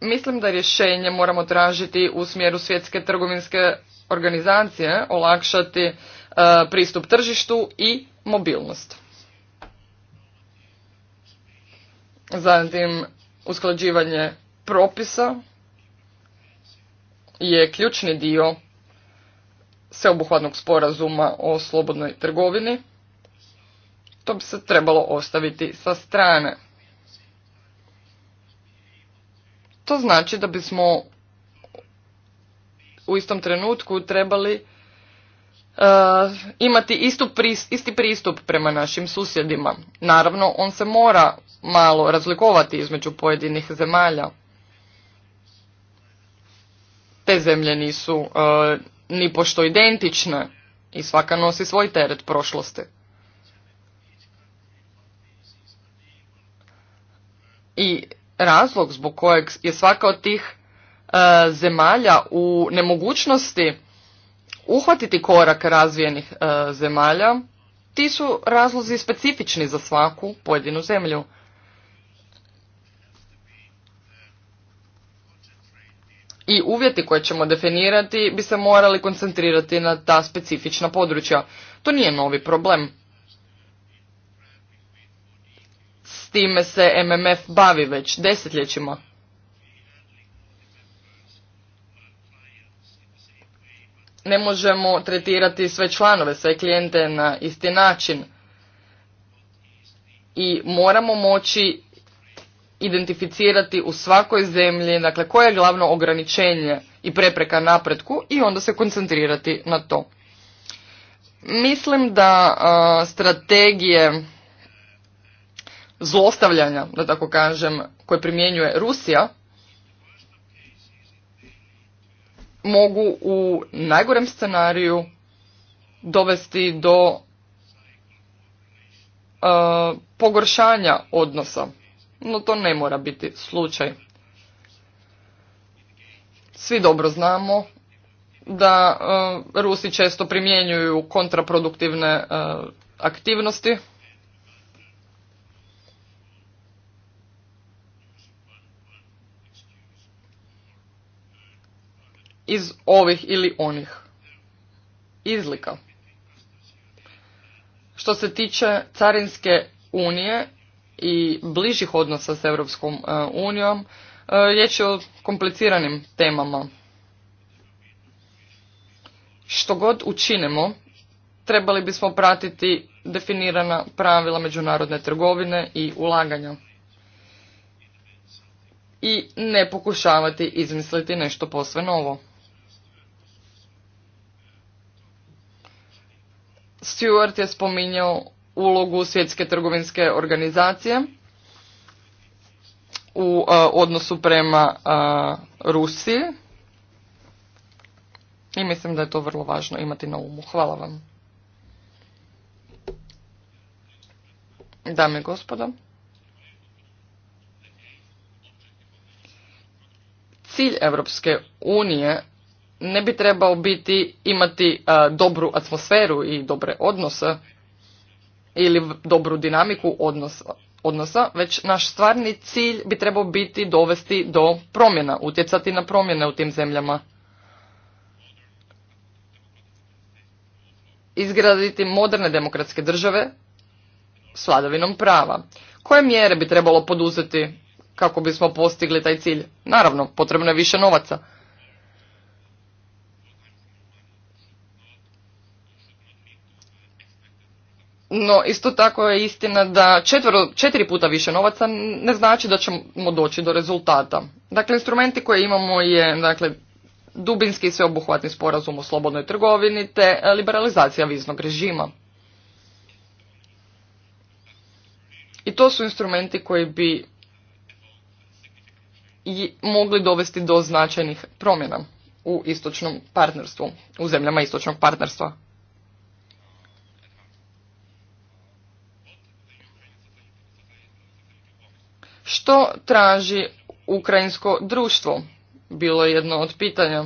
Mislim da rješenje moramo tražiti u smjeru svjetske trgovinske organizacije, olakšati e, pristup tržištu i mobilnost. Zatim, usklađivanje propisa je ključni dio sveobuhvatnog sporazuma o slobodnoj trgovini to bi se trebalo ostaviti sa strane. To znači da bismo u istom trenutku trebali e, imati istu isti pristup prema našim susjedima. Naravno, on se mora malo razlikovati između pojedinih zemalja. Te zemlje nisu uh, ni pošto identične i svaka nosi svoj teret prošlosti. i razlog zbog kojeg je svaka od tih e, zemalja u nemogućnosti uhvatiti korak razvijenih e, zemalja, ti su razlozi specifični za svaku pojedinu zemlju. I uvjeti koje ćemo definirati bi se morali koncentrirati na ta specifična područja. To nije novi problem. time se MMF bavi već desetljećima. Ne možemo tretirati sve članove, sve klijente na isti način. I moramo moći identificirati u svakoj zemlji, dakle, koje je glavno ograničenje i prepreka napretku i onda se koncentrirati na to. Mislim da strategije zlostavljanja, da tako kažem, koje primjenjuje Rusija, mogu u najgorem scenariju dovesti do e, pogoršanja odnosa. No to ne mora biti slučaj. Svi dobro znamo da e, Rusi često primjenjuju kontraproduktivne e, aktivnosti iz ovih ili onih izlika. Što se tiče carinske unije i bližih odnosa s Europskom e, unijom, e, riječ je o kompliciranim temama. Što god učinimo, trebali bismo pratiti definirana pravila međunarodne trgovine i ulaganja i ne pokušavati izmisliti nešto posve novo. Stewart je spominjao ulogu svjetske trgovinske organizacije u odnosu prema Rusiji. I mislim da je to vrlo važno imati na umu. Hvala vam. Dame i gospodo. Cilj Europske unije ne bi trebao biti imati dobru atmosferu i dobre odnose ili dobru dinamiku odnosa, odnosa, već naš stvarni cilj bi trebao biti dovesti do promjena, utjecati na promjene u tim zemljama. Izgraditi moderne demokratske države s vladavinom prava. Koje mjere bi trebalo poduzeti kako bismo postigli taj cilj? Naravno, potrebno je više novaca. No, isto tako je istina da četiri puta više novaca ne znači da ćemo doći do rezultata. Dakle, instrumenti koje imamo je dakle, dubinski i sveobuhvatni sporazum o slobodnoj trgovini te liberalizacija viznog režima. I to su instrumenti koji bi mogli dovesti do značajnih promjena u istočnom partnerstvu, u zemljama istočnog partnerstva. Što traži ukrajinsko društvo? Bilo je jedno od pitanja.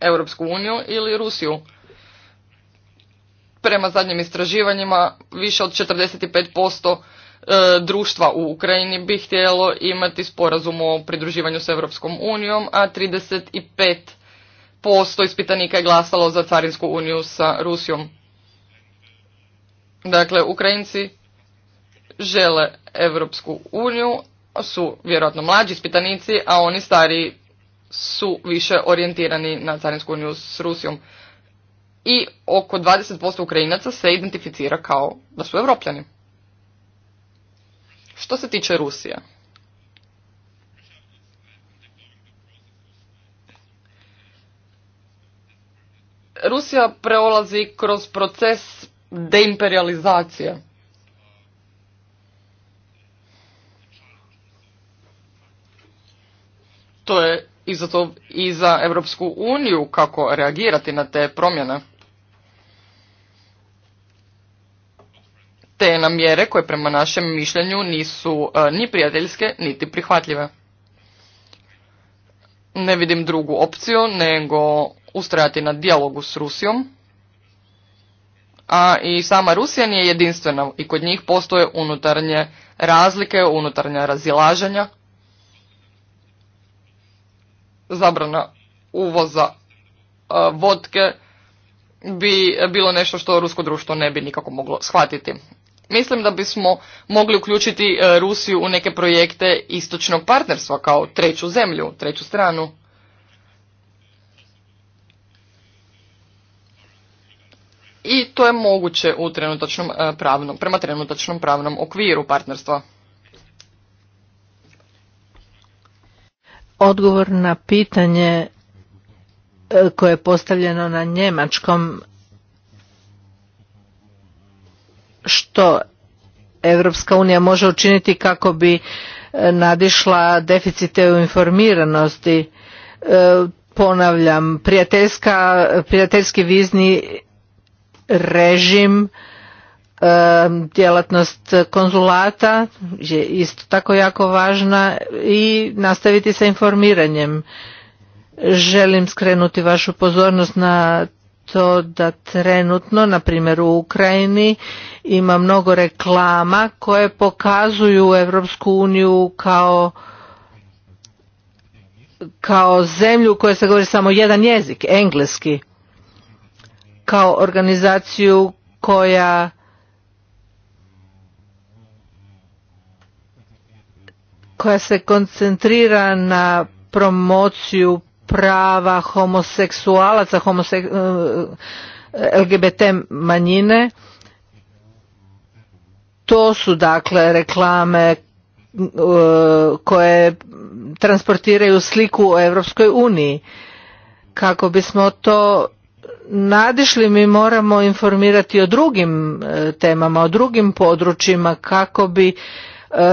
Europsku uniju ili Rusiju? Prema zadnjim istraživanjima, više od 45% e, društva u Ukrajini bi htjelo imati sporazum o pridruživanju s Europskom unijom, a 35% ispitanika je glasalo za Carinsku uniju sa Rusijom. Dakle, Ukrajinci žele Europsku uniju su vjerojatno mlađi ispitanici, a oni stari su više orijentirani na carinsku uniju s Rusijom. I oko 20% Ukrajinaca se identificira kao da su Evropljani. Što se tiče Rusije, Rusija preolazi kroz proces deimperializacije. To je i za Europsku uniju kako reagirati na te promjene. Te na mjere koje prema našem mišljenju nisu e, ni prijateljske niti prihvatljive. Ne vidim drugu opciju nego ustrajati na dijalogu s Rusijom. A i sama Rusija nije jedinstvena i kod njih postoje unutarnje razlike, unutarnja razilaženja zabrana uvoza e, vodke bi bilo nešto što rusko društvo ne bi nikako moglo shvatiti. Mislim da bismo mogli uključiti e, Rusiju u neke projekte istočnog partnerstva kao treću zemlju, treću stranu. I to je moguće u trenutačnom e, pravnom, prema trenutačnom pravnom okviru partnerstva. odgovor na pitanje e, koje je postavljeno na njemačkom što Evropska unija može učiniti kako bi e, nadišla deficite u informiranosti. E, ponavljam, prijateljski vizni režim djelatnost konzulata je isto tako jako važna i nastaviti sa informiranjem. Želim skrenuti vašu pozornost na to da trenutno, na primjer u Ukrajini, ima mnogo reklama koje pokazuju Europsku uniju kao kao zemlju u kojoj se govori samo jedan jezik, engleski, kao organizaciju koja koja se koncentrira na promociju prava homoseksualaca, eh, LGBT manjine. To su dakle reklame eh, koje transportiraju sliku o Europskoj uniji. Kako bismo to nadišli mi moramo informirati o drugim eh, temama, o drugim područjima kako bi E,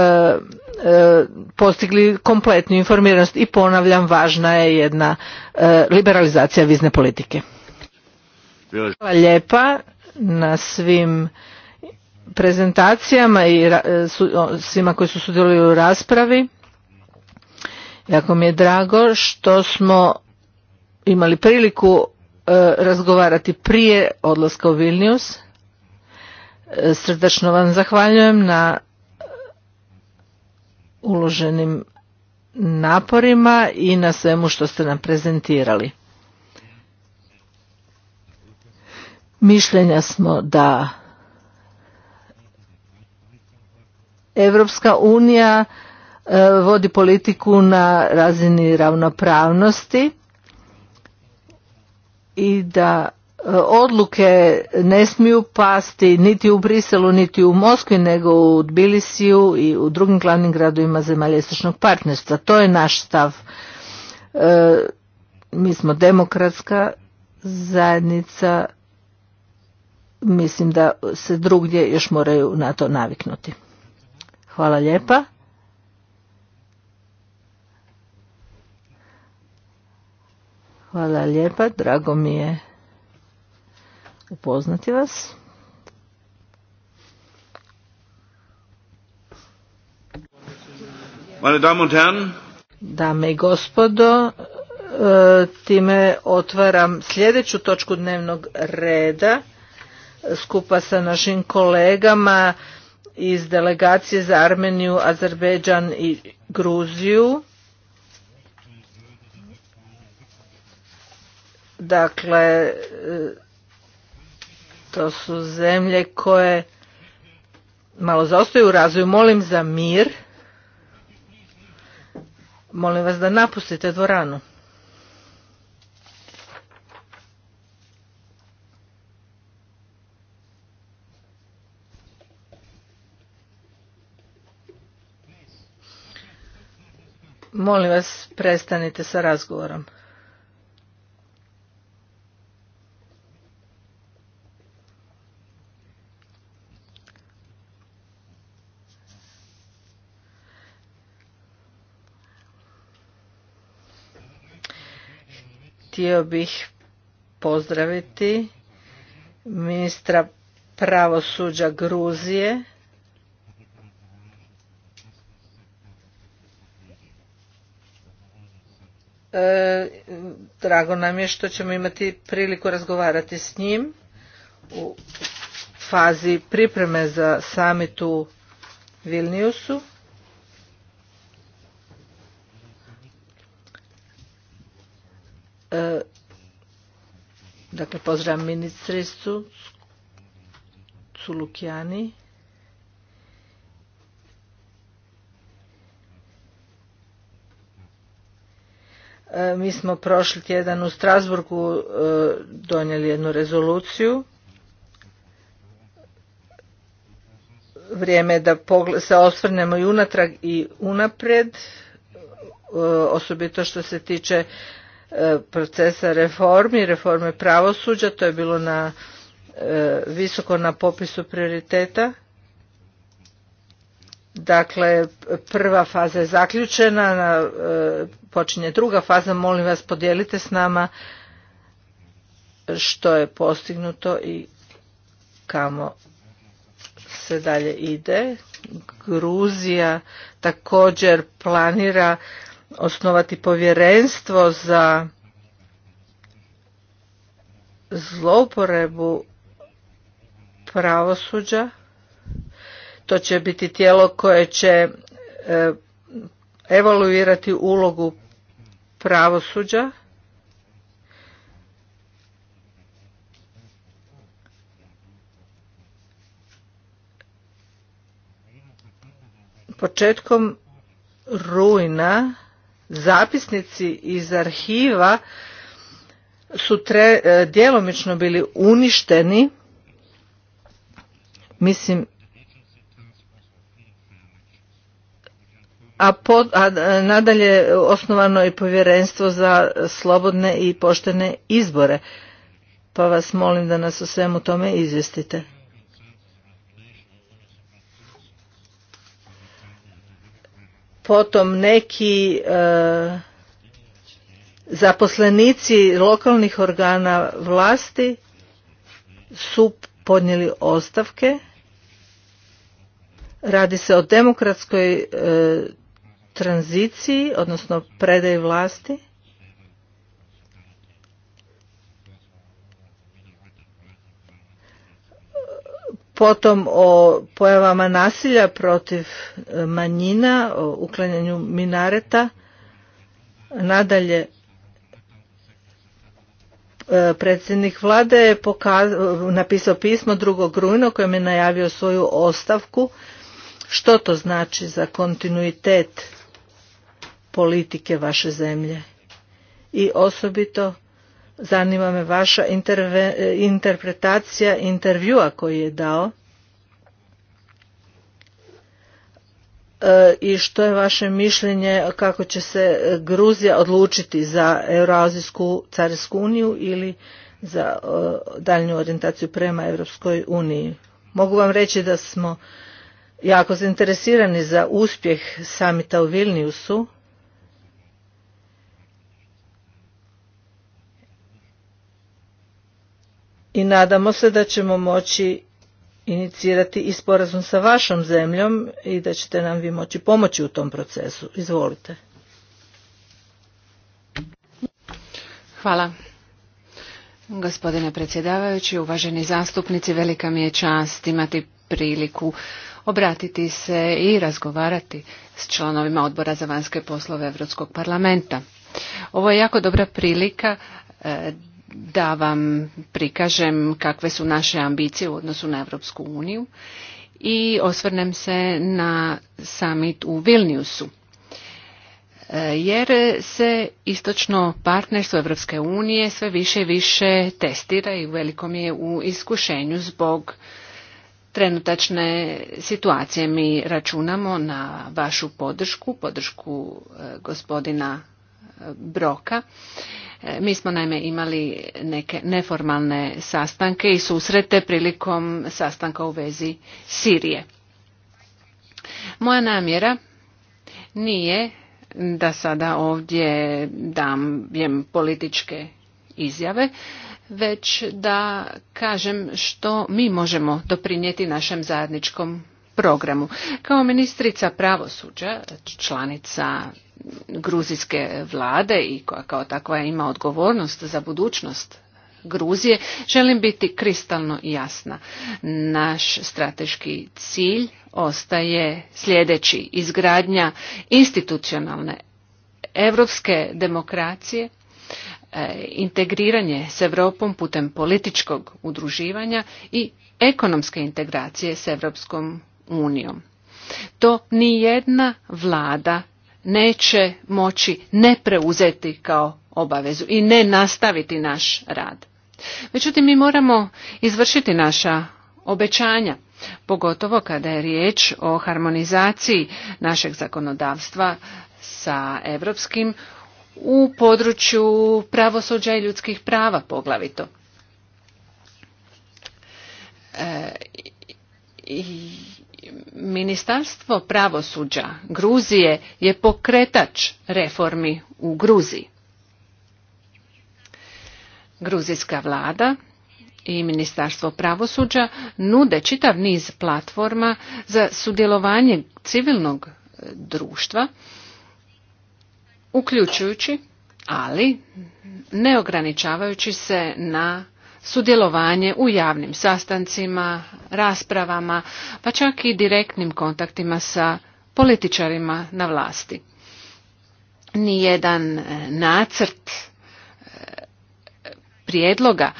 e, postigli kompletnu informiranost i ponavljam važna je jedna e, liberalizacija vizne politike. Hvala lijepa na svim prezentacijama i svima koji su sudjelovali u raspravi. Jako mi je drago što smo imali priliku razgovarati prije odlaska u Vilnius. Srdačno vam zahvaljujem na uloženim naporima i na svemu što ste nam prezentirali. Mišljenja smo da Evropska unija e, vodi politiku na razini ravnopravnosti i da odluke ne smiju pasti niti u Briselu, niti u Moskvi, nego u Tbilisiju i u drugim glavnim gradovima zemalja istočnog partnerstva. To je naš stav. E, mi smo demokratska zajednica, mislim da se drugdje još moraju na to naviknuti. Hvala lijepa. Hvala lijepa, drago mi je upoznati vas. Dame i gospodo, e, time otvaram sljedeću točku dnevnog reda skupa sa našim kolegama iz delegacije za Armeniju, Azerbejdžan i Gruziju. Dakle, e, to su zemlje koje malo zaostaju u razvoju. Molim za mir. Molim vas da napustite dvoranu. Molim vas, prestanite sa razgovorom. htio bih pozdraviti ministra pravosuđa Gruzije. E, drago nam je što ćemo imati priliku razgovarati s njim u fazi pripreme za samitu Vilniusu. E, dakle, pozdravljam ministricu Culukjani. E, mi smo prošli tjedan u Strasburgu e, donijeli jednu rezoluciju. Vrijeme je da se osvrnemo i unatrag i unaprijed, osobito što se tiče E, procesa reformi, reforme pravosuđa, to je bilo na e, visoko na popisu prioriteta. Dakle, prva faza je zaključena, e, počinje druga faza, molim vas podijelite s nama što je postignuto i kamo se dalje ide. Gruzija također planira osnovati povjerenstvo za zlouporebu pravosuđa. To će biti tijelo koje će e, evaluirati ulogu pravosuđa. Početkom rujna zapisnici iz arhiva su tre, e, djelomično bili uništeni. Mislim, A, pod, a e, nadalje osnovano je povjerenstvo za slobodne i poštene izbore pa vas molim da nas o svemu tome izvjestite potom neki e, zaposlenici lokalnih organa vlasti su podnijeli ostavke radi se o demokratskoj e, tranziciji odnosno predaji vlasti potom o pojavama nasilja protiv e, manjina, o uklanjanju minareta, nadalje e, predsjednik vlade je napisao pismo drugog rujna kojem je najavio svoju ostavku. Što to znači za kontinuitet politike vaše zemlje? I osobito Zanima me vaša interpretacija intervjua koji je dao e, i što je vaše mišljenje kako će se Gruzija odlučiti za Euroazijsku carinsku uniju ili za e, daljnju orijentaciju prema Europskoj uniji. Mogu vam reći da smo jako zainteresirani za uspjeh samita u Vilniusu i nadamo se da ćemo moći inicirati i sporazum sa vašom zemljom i da ćete nam vi moći pomoći u tom procesu. Izvolite. Hvala. Gospodine predsjedavajući, uvaženi zastupnici, velika mi je čast imati priliku obratiti se i razgovarati s članovima Odbora za vanjske poslove Europskog parlamenta. Ovo je jako dobra prilika e, da vam prikažem kakve su naše ambicije u odnosu na Europsku uniju i osvrnem se na summit u Vilniusu. E, jer se istočno partnerstvo Evropske unije sve više i više testira i velikom je u iskušenju zbog trenutačne situacije. Mi računamo na vašu podršku, podršku e, gospodina e, Broka E, mi smo naime imali neke neformalne sastanke i susrete prilikom sastanka u vezi Sirije. Moja namjera nije da sada ovdje dam političke izjave, već da kažem što mi možemo doprinijeti našem zajedničkom programu. Kao ministrica pravosuđa, članica gruzijske vlade i koja kao takva ima odgovornost za budućnost Gruzije, želim biti kristalno jasna. Naš strateški cilj ostaje sljedeći izgradnja institucionalne evropske demokracije, e, integriranje s Europom putem političkog udruživanja i ekonomske integracije s Europskom unijom. To ni jedna vlada neće moći ne preuzeti kao obavezu i ne nastaviti naš rad. Međutim, mi moramo izvršiti naša obećanja, pogotovo kada je riječ o harmonizaciji našeg zakonodavstva sa europskim u području pravosuđa i ljudskih prava poglavito. E, i Ministarstvo pravosuđa Gruzije je pokretač reformi u Gruziji. Gruzijska vlada i Ministarstvo pravosuđa nude čitav niz platforma za sudjelovanje civilnog e, društva, uključujući, ali ne ograničavajući se na sudjelovanje u javnim sastancima, raspravama, pa čak i direktnim kontaktima sa političarima na vlasti. Nijedan e, nacrt e, prijedloga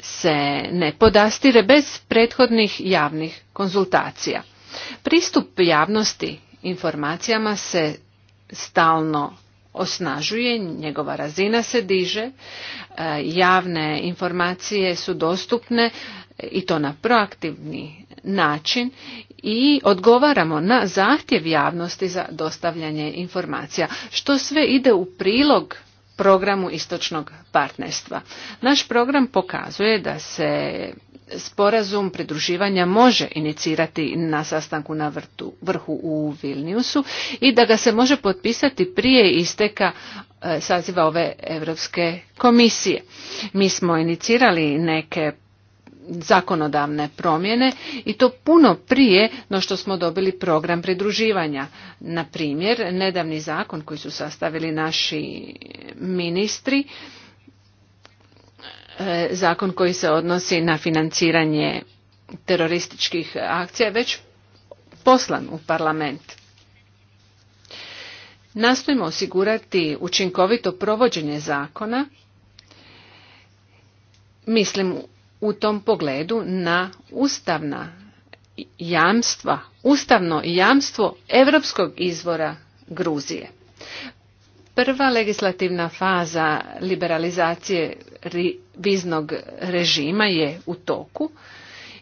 se ne podastire bez prethodnih javnih konzultacija. Pristup javnosti informacijama se stalno osnažuje, njegova razina se diže, e, javne informacije su dostupne i to na proaktivni način i odgovaramo na zahtjev javnosti za dostavljanje informacija, što sve ide u prilog programu istočnog partnerstva. Naš program pokazuje da se sporazum pridruživanja može inicirati na sastanku na vrhu u Vilniusu i da ga se može potpisati prije isteka e, saziva ove Europske komisije. Mi smo inicirali neke zakonodavne promjene i to puno prije no što smo dobili program pridruživanja. Na primjer, nedavni zakon koji su sastavili naši ministri E, zakon koji se odnosi na financiranje terorističkih akcija već poslan u parlament. Nastojimo osigurati učinkovito provođenje zakona, mislim u tom pogledu na ustavna jamstva, ustavno jamstvo europskog izvora Gruzije prva legislativna faza liberalizacije viznog režima je u toku.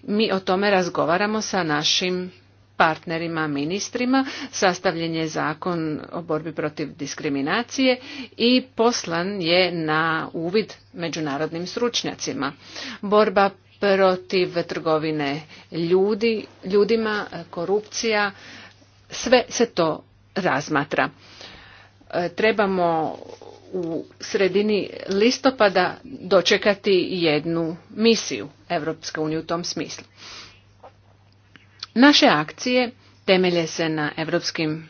Mi o tome razgovaramo sa našim partnerima, ministrima, sastavljen je zakon o borbi protiv diskriminacije i poslan je na uvid međunarodnim stručnjacima. Borba protiv trgovine ljudi, ljudima, korupcija, sve se to razmatra. E, trebamo u sredini listopada dočekati jednu misiju Europske unije u tom smislu. Naše akcije temelje se na europskim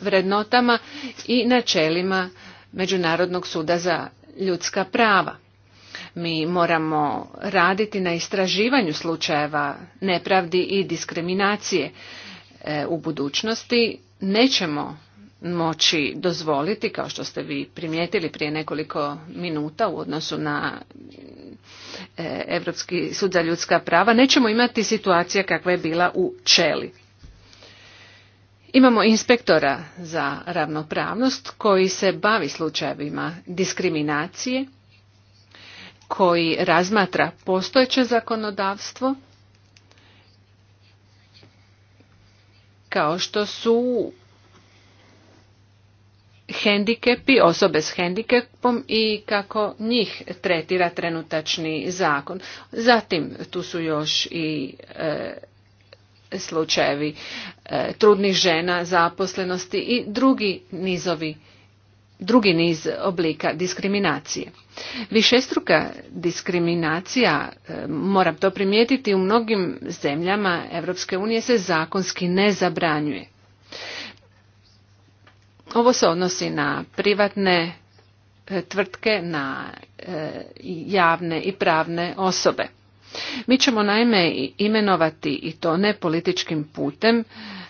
vrednotama i načelima Međunarodnog suda za ljudska prava. Mi moramo raditi na istraživanju slučajeva nepravdi i diskriminacije. E, u budućnosti nećemo moći dozvoliti, kao što ste vi primijetili prije nekoliko minuta u odnosu na Europski sud za ljudska prava, nećemo imati situacija kakva je bila u Čeli. Imamo inspektora za ravnopravnost koji se bavi slučajevima diskriminacije, koji razmatra postojeće zakonodavstvo, kao što su hendikepi, osobe s hendikepom i kako njih tretira trenutačni zakon. Zatim tu su još i e, slučajevi e, trudnih žena, zaposlenosti i drugi nizovi drugi niz oblika diskriminacije. Višestruka diskriminacija, e, moram to primijetiti, u mnogim zemljama Europske unije se zakonski ne zabranjuje. Ovo se odnosi na privatne e, tvrtke, na e, javne i pravne osobe. Mi ćemo naime imenovati i to ne političkim putem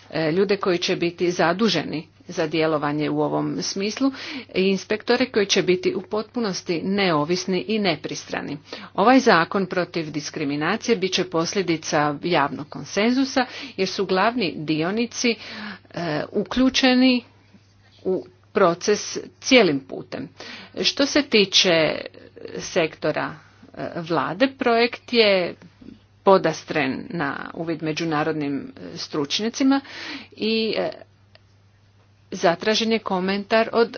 e, ljude koji će biti zaduženi za djelovanje u ovom smislu i inspektore koji će biti u potpunosti neovisni i nepristrani. Ovaj zakon protiv diskriminacije bit će posljedica javnog konsenzusa jer su glavni dionici uključeni u proces cijelim putem. Što se tiče sektora e, vlade, projekt je podastren na uvid međunarodnim e, stručnjacima i e, zatražen je komentar od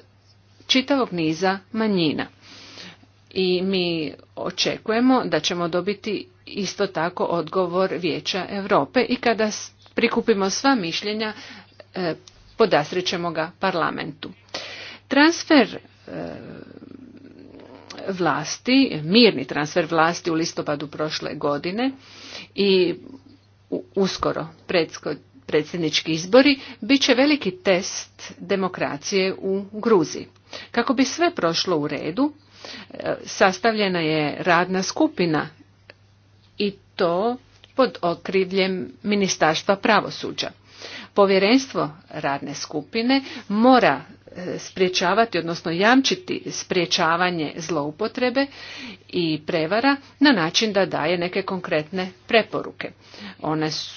čitavog niza manjina. I mi očekujemo da ćemo dobiti isto tako odgovor Vijeća Europe i kada prikupimo sva mišljenja podasrećemo ga parlamentu. Transfer e, vlasti, mirni transfer vlasti u listopadu prošle godine i uskoro predsjednički izbori bit će veliki test demokracije u Gruziji. Kako bi sve prošlo u redu, e, sastavljena je radna skupina i to pod okriljem Ministarstva pravosuđa. Povjerenstvo radne skupine mora sprječavati odnosno jamčiti spriječavanje zloupotrebe i prevara na način da daje neke konkretne preporuke.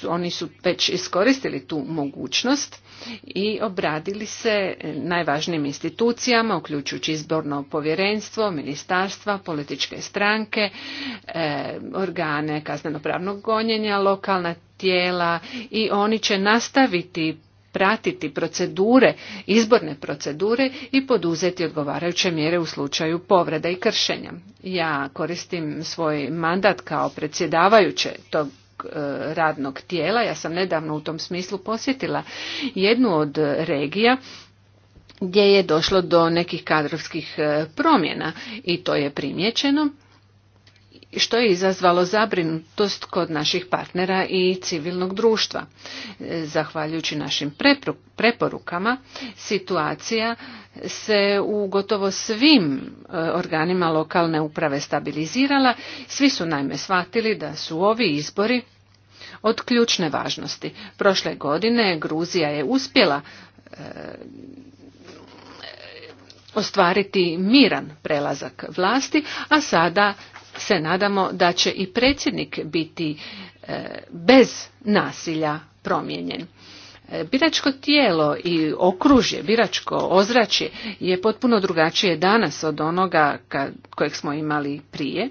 oni su već iskoristili tu mogućnost i obradili se najvažnijim institucijama, uključujući izborno povjerenstvo, ministarstva, političke stranke, e, organe kaznenopravnog gonjenja, lokalna tijela i oni će nastaviti pratiti procedure, izborne procedure i poduzeti odgovarajuće mjere u slučaju povreda i kršenja. Ja koristim svoj mandat kao predsjedavajuće tog e, radnog tijela. Ja sam nedavno u tom smislu posjetila jednu od regija gdje je došlo do nekih kadrovskih e, promjena i to je primjećeno što je izazvalo zabrinutost kod naših partnera i civilnog društva. Zahvaljujući našim preporukama, situacija se u gotovo svim e, organima lokalne uprave stabilizirala. Svi su najme shvatili da su ovi izbori od ključne važnosti. Prošle godine Gruzija je uspjela e, ostvariti miran prelazak vlasti, a sada se nadamo da će i predsjednik biti e, bez nasilja promijenjen. E, biračko tijelo i okružje, biračko ozračje je potpuno drugačije danas od onoga kojeg smo imali prije.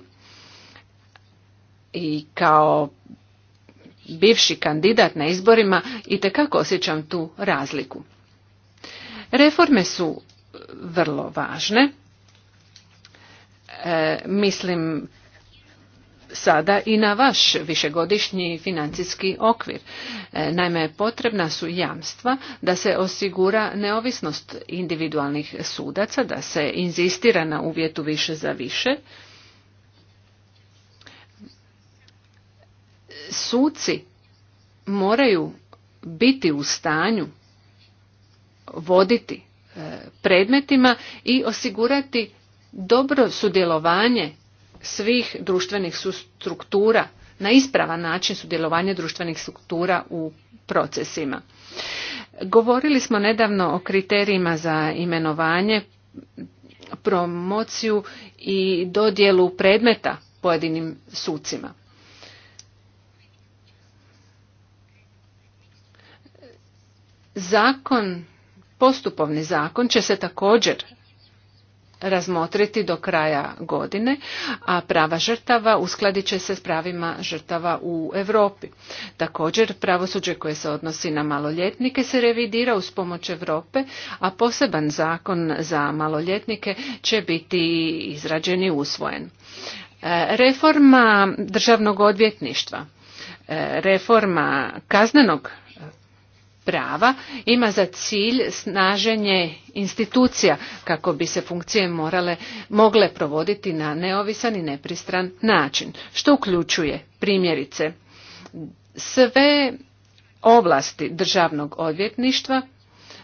I kao bivši kandidat na izborima i tekako osjećam tu razliku. Reforme su vrlo važne E, mislim sada i na vaš višegodišnji financijski okvir. E, naime, potrebna su jamstva da se osigura neovisnost individualnih sudaca, da se inzistira na uvjetu više za više. Suci moraju biti u stanju voditi e, predmetima i osigurati dobro sudjelovanje svih društvenih struktura na ispravan način sudjelovanje društvenih struktura u procesima. Govorili smo nedavno o kriterijima za imenovanje, promociju i dodjelu predmeta pojedinim sucima. Zakon, postupovni zakon će se također razmotriti do kraja godine, a prava žrtava uskladit će se s pravima žrtava u Europi. Također, pravosuđe koje se odnosi na maloljetnike se revidira uz pomoć Europe, a poseban zakon za maloljetnike će biti izrađen i usvojen. E, reforma državnog odvjetništva, e, reforma kaznenog prava ima za cilj snaženje institucija kako bi se funkcije morale mogle provoditi na neovisan i nepristran način što uključuje primjerice sve ovlasti državnog odvjetništva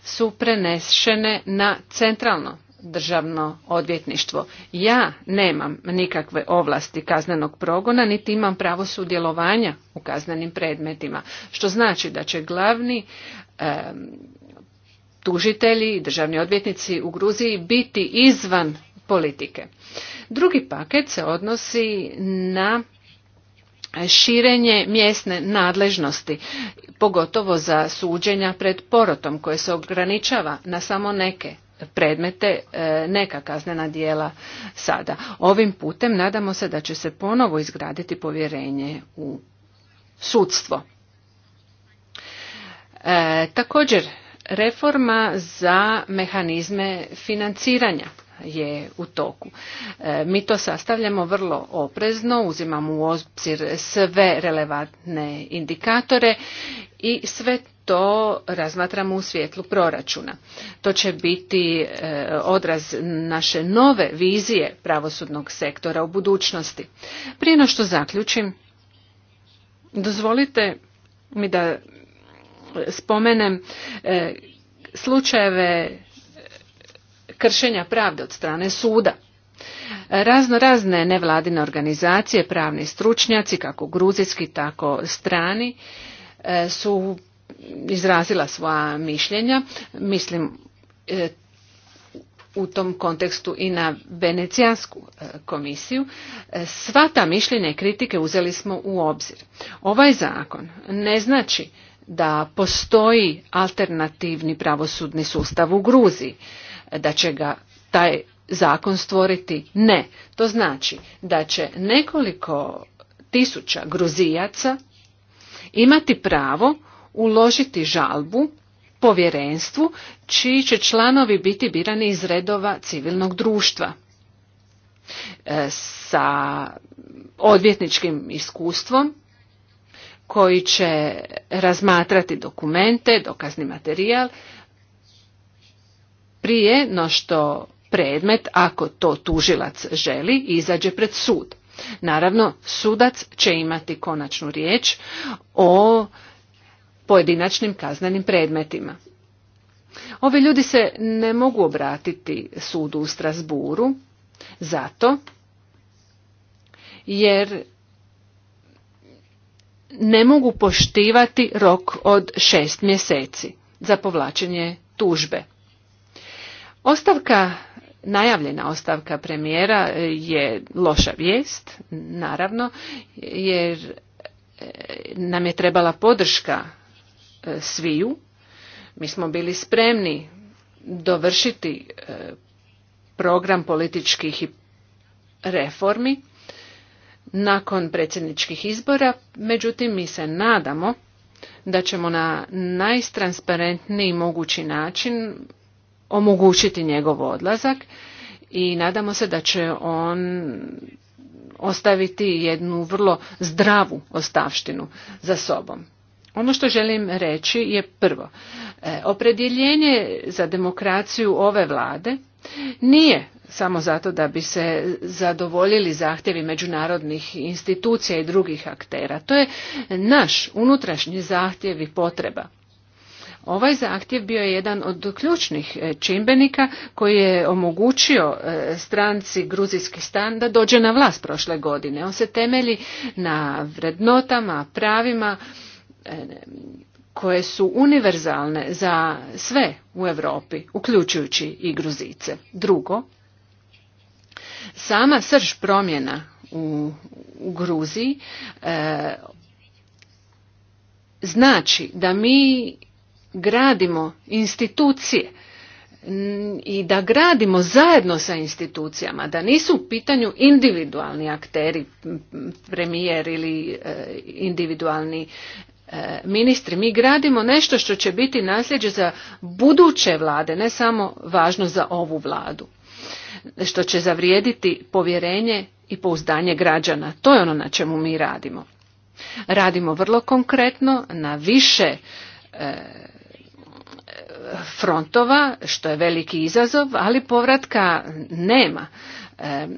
su prenešene na centralno državno odvjetništvo. Ja nemam nikakve ovlasti kaznenog progona, niti imam pravo sudjelovanja u kaznenim predmetima, što znači da će glavni tužitelji i državni odvjetnici u Gruziji biti izvan politike. Drugi paket se odnosi na širenje mjesne nadležnosti, pogotovo za suđenja pred porotom koje se ograničava na samo neke predmete e, neka kaznena dijela sada. Ovim putem nadamo se da će se ponovo izgraditi povjerenje u sudstvo. E, također, reforma za mehanizme financiranja je u toku. E, mi to sastavljamo vrlo oprezno, uzimamo u obzir sve relevantne indikatore i sve to razmatramo u svjetlu proračuna. To će biti e, odraz naše nove vizije pravosudnog sektora u budućnosti. Prije no što zaključim, dozvolite mi da spomenem e, slučajeve kršenja pravde od strane suda. Razno razne nevladine organizacije, pravni stručnjaci, kako gruzijski, tako strani, e, su izrazila svoja mišljenja. Mislim e, u tom kontekstu i na Venecijansku e, komisiju. E, sva ta mišljenja i kritike uzeli smo u obzir. Ovaj zakon ne znači da postoji alternativni pravosudni sustav u Gruziji, da će ga taj zakon stvoriti. Ne, to znači da će nekoliko tisuća gruzijaca imati pravo uložiti žalbu povjerenstvu čiji će članovi biti birani iz redova civilnog društva e, sa odvjetničkim iskustvom koji će razmatrati dokumente, dokazni materijal prije no što predmet, ako to tužilac želi, izađe pred sud. Naravno, sudac će imati konačnu riječ o pojedinačnim kaznenim predmetima. Ovi ljudi se ne mogu obratiti sudu u Strasburu zato jer ne mogu poštivati rok od šest mjeseci za povlačenje tužbe. Ostavka, najavljena ostavka premijera je loša vijest, naravno, jer eh, nam je trebala podrška E, sviju. Mi smo bili spremni dovršiti e, program političkih reformi nakon predsjedničkih izbora, međutim mi se nadamo da ćemo na najtransparentniji mogući način omogućiti njegov odlazak i nadamo se da će on ostaviti jednu vrlo zdravu ostavštinu za sobom ono što želim reći je prvo, e, opredjeljenje za demokraciju ove vlade nije samo zato da bi se zadovoljili zahtjevi međunarodnih institucija i drugih aktera. To je naš unutrašnji zahtjev i potreba. Ovaj zahtjev bio je jedan od ključnih e, čimbenika koji je omogućio e, stranci Gruzijski stan da dođe na vlast prošle godine. On se temelji na vrednotama, pravima, E, koje su univerzalne za sve u Europi, uključujući i Gruzice. Drugo, sama srž promjena u, Gruziji e, znači da mi gradimo institucije i da gradimo zajedno sa institucijama, da nisu u pitanju individualni akteri, premijer ili e, individualni E, ministri, mi gradimo nešto što će biti nasljeđe za buduće vlade, ne samo važno za ovu vladu, što će zavrijediti povjerenje i pouzdanje građana. To je ono na čemu mi radimo. Radimo vrlo konkretno na više e, frontova, što je veliki izazov, ali povratka nema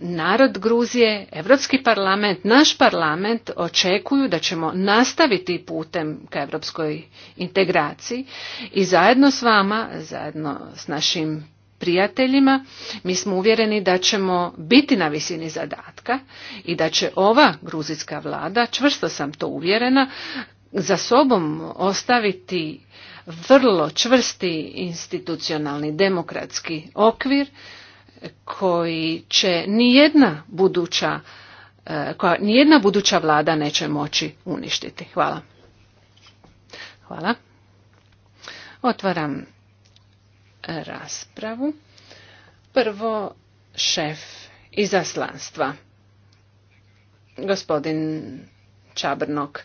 narod Gruzije, Europski parlament, naš parlament očekuju da ćemo nastaviti putem ka europskoj integraciji i zajedno s vama, zajedno s našim prijateljima, mi smo uvjereni da ćemo biti na visini zadatka i da će ova gruzijska vlada, čvrsto sam to uvjerena, za sobom ostaviti vrlo čvrsti institucionalni demokratski okvir koji će nijedna buduća e, koja nijedna buduća vlada neće moći uništiti. Hvala. Hvala. Otvaram e, raspravu. Prvo šef izaslanstva. Gospodin Čabrnok.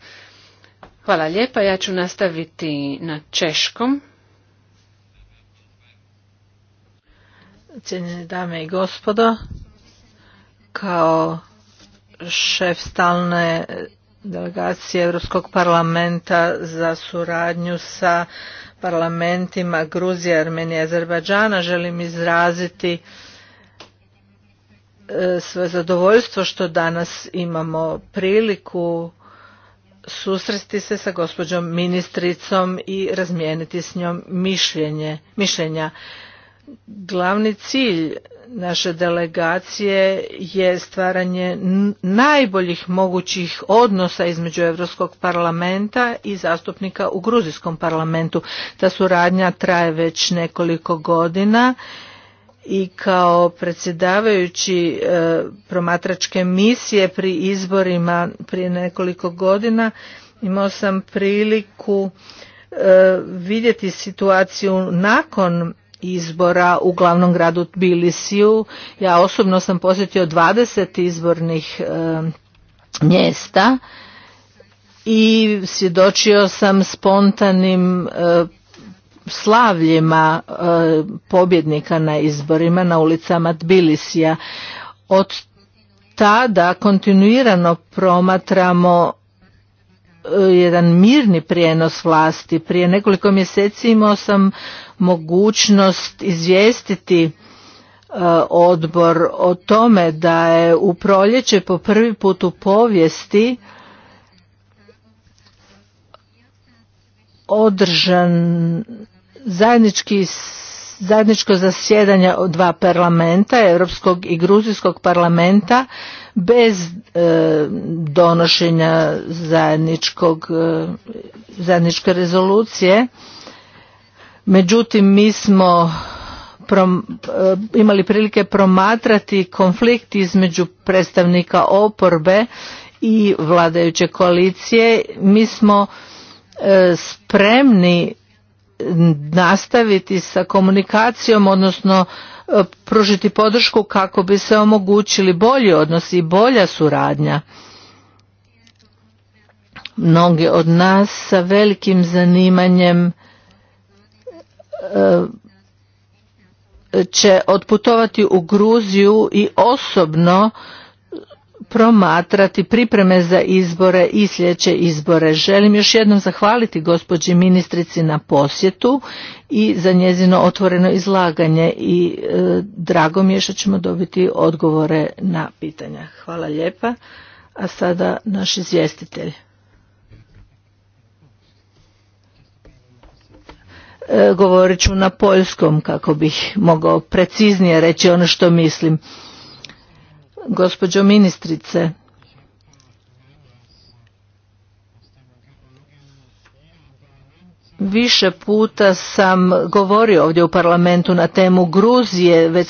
Hvala lijepa, ja ću nastaviti na češkom. Cijenjene dame i gospodo, kao šef stalne delegacije Europskog parlamenta za suradnju sa parlamentima Gruzije, Armenije i Azerbajdžana želim izraziti e, sve zadovoljstvo što danas imamo priliku susresti se sa gospođom ministricom i razmijeniti s njom mišljenja. Glavni cilj naše delegacije je stvaranje najboljih mogućih odnosa između Europskog parlamenta i zastupnika u Gruzijskom parlamentu. Ta suradnja traje već nekoliko godina i kao predsjedavajući e, promatračke misije pri izborima prije nekoliko godina imao sam priliku e, vidjeti situaciju nakon izbora u glavnom gradu Tbilisiju. Ja osobno sam posjetio 20 izbornih e, mjesta i svjedočio sam spontanim e, slavljima e, pobjednika na izborima na ulicama Tbilisija. Od tada kontinuirano promatramo jedan mirni prijenos vlasti. Prije nekoliko mjeseci imao sam mogućnost izvijestiti e, odbor o tome da je u proljeće po prvi put u povijesti održan zajednički zajedničko zasjedanje dva parlamenta, Europskog i Gruzijskog parlamenta, bez e, donošenja zajedničkog, e, zajedničke rezolucije. Međutim, mi smo eh, imali prilike promatrati konflikt između predstavnika oporbe i vladajuće koalicije. Mi smo eh, spremni nastaviti sa komunikacijom, odnosno eh, pružiti podršku kako bi se omogućili bolji odnosi i bolja suradnja. Mnogi od nas sa velikim zanimanjem E, će otputovati u Gruziju i osobno promatrati pripreme za izbore i sljedeće izbore. Želim još jednom zahvaliti gospođi ministrici na posjetu i za njezino otvoreno izlaganje i e, drago mi je što ćemo dobiti odgovore na pitanja. Hvala lijepa. A sada naš izvjestitelj. E, govorit ću na poljskom kako bih mogao preciznije reći ono što mislim. Gospođo ministrice, Više puta sam govorio ovdje u parlamentu na temu Gruzije, već,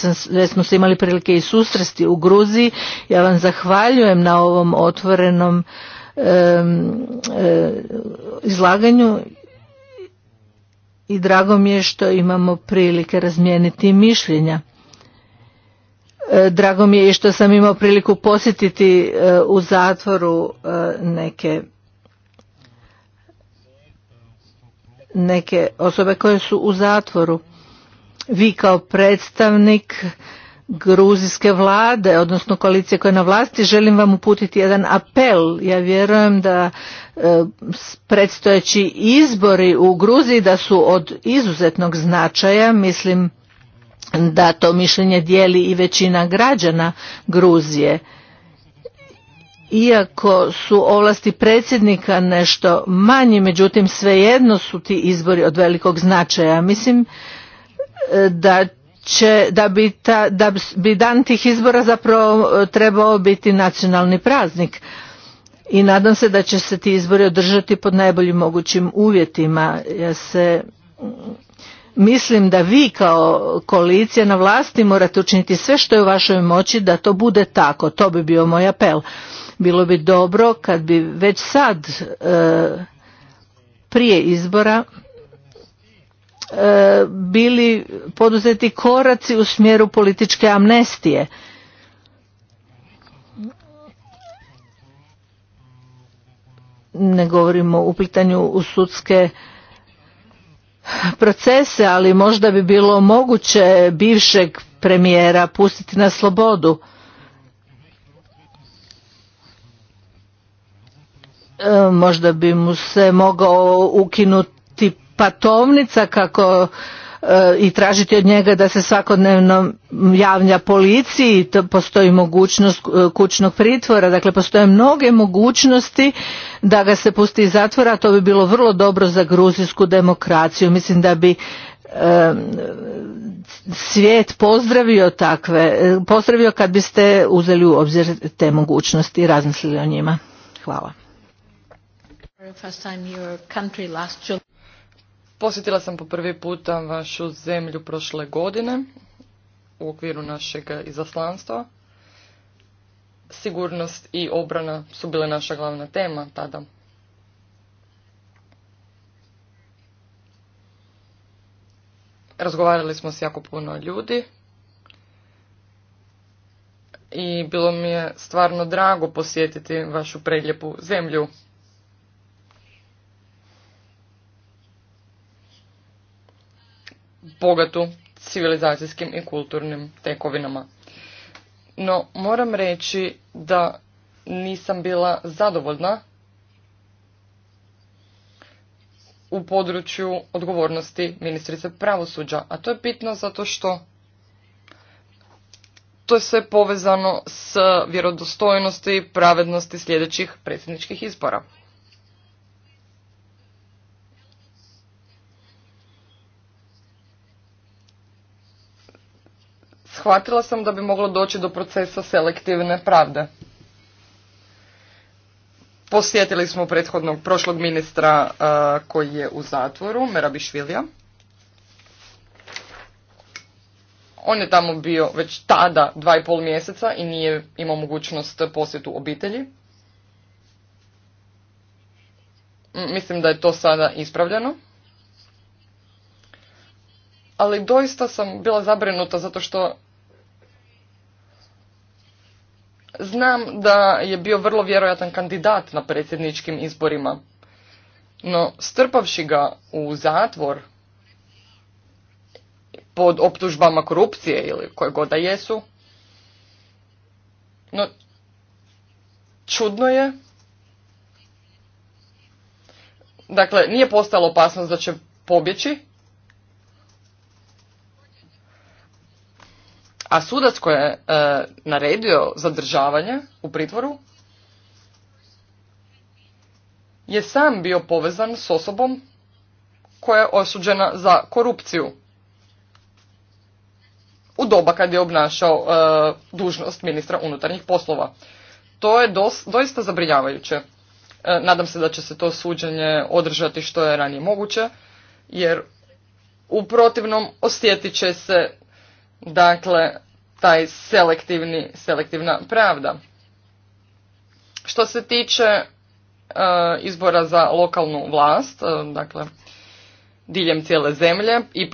smo se imali prilike i susresti u Gruziji. Ja vam zahvaljujem na ovom otvorenom e, izlaganju i drago mi je što imamo prilike razmijeniti mišljenja. E, drago mi je i što sam imao priliku posjetiti e, u zatvoru e, neke neke osobe koje su u zatvoru. Vi kao predstavnik gruzijske vlade, odnosno koalicije koja je na vlasti, želim vam uputiti jedan apel. Ja vjerujem da predstojeći izbori u Gruziji da su od izuzetnog značaja, mislim da to mišljenje dijeli i većina građana Gruzije. Iako su ovlasti predsjednika nešto manji, međutim svejedno su ti izbori od velikog značaja. Mislim e, da će, da bi, ta, da bi dan tih izbora zapravo e, trebao biti nacionalni praznik i nadam se da će se ti izbori održati pod najboljim mogućim uvjetima. Ja se mm, mislim da vi kao koalicija na vlasti morate učiniti sve što je u vašoj moći da to bude tako. To bi bio moj apel. Bilo bi dobro kad bi već sad e, prije izbora e, bili poduzeti koraci u smjeru političke amnestije ne govorimo u pitanju u sudske procese, ali možda bi bilo moguće bivšeg premijera pustiti na slobodu. E, možda bi mu se mogao ukinuti patovnica kako i tražiti od njega da se svakodnevno javlja policiji, to postoji mogućnost e, kućnog pritvora, dakle postoje mnoge mogućnosti da ga se pusti iz zatvora, to bi bilo vrlo dobro za gruzijsku demokraciju. Mislim da bi e, svijet pozdravio takve, e, pozdravio kad biste uzeli u obzir te mogućnosti i razmislili o njima. Hvala. Posjetila sam po prvi puta vašu zemlju prošle godine u okviru našeg izaslanstva. Sigurnost i obrana su bile naša glavna tema tada. Razgovarali smo s jako puno ljudi i bilo mi je stvarno drago posjetiti vašu preljepu zemlju. bogatu civilizacijskim i kulturnim tekovinama. No, moram reći da nisam bila zadovoljna u području odgovornosti ministrice pravosuđa, a to je bitno zato što to je sve povezano s vjerodostojnosti i pravednosti sljedećih predsjedničkih izbora. shvatila sam da bi moglo doći do procesa selektivne pravde. Posjetili smo prethodnog prošlog ministra uh, koji je u zatvoru, Merabišvilija. On je tamo bio već tada dva i pol mjeseca i nije imao mogućnost posjetu obitelji. Mislim da je to sada ispravljeno. Ali doista sam bila zabrinuta zato što Znam da je bio vrlo vjerojatan kandidat na predsjedničkim izborima, no strpavši ga u zatvor pod optužbama korupcije ili koje god da jesu, no čudno je Dakle, nije postala opasnost da će pobjeći, A sudac koji je e, naredio zadržavanje u pritvoru je sam bio povezan s osobom koja je osuđena za korupciju u doba kad je obnašao e, dužnost ministra unutarnjih poslova. To je doista zabrinjavajuće. E, nadam se da će se to suđenje održati što je ranije moguće, jer u protivnom osjetit će se Dakle, taj selektivni, selektivna pravda. Što se tiče e, izbora za lokalnu vlast, e, dakle, diljem cijele zemlje i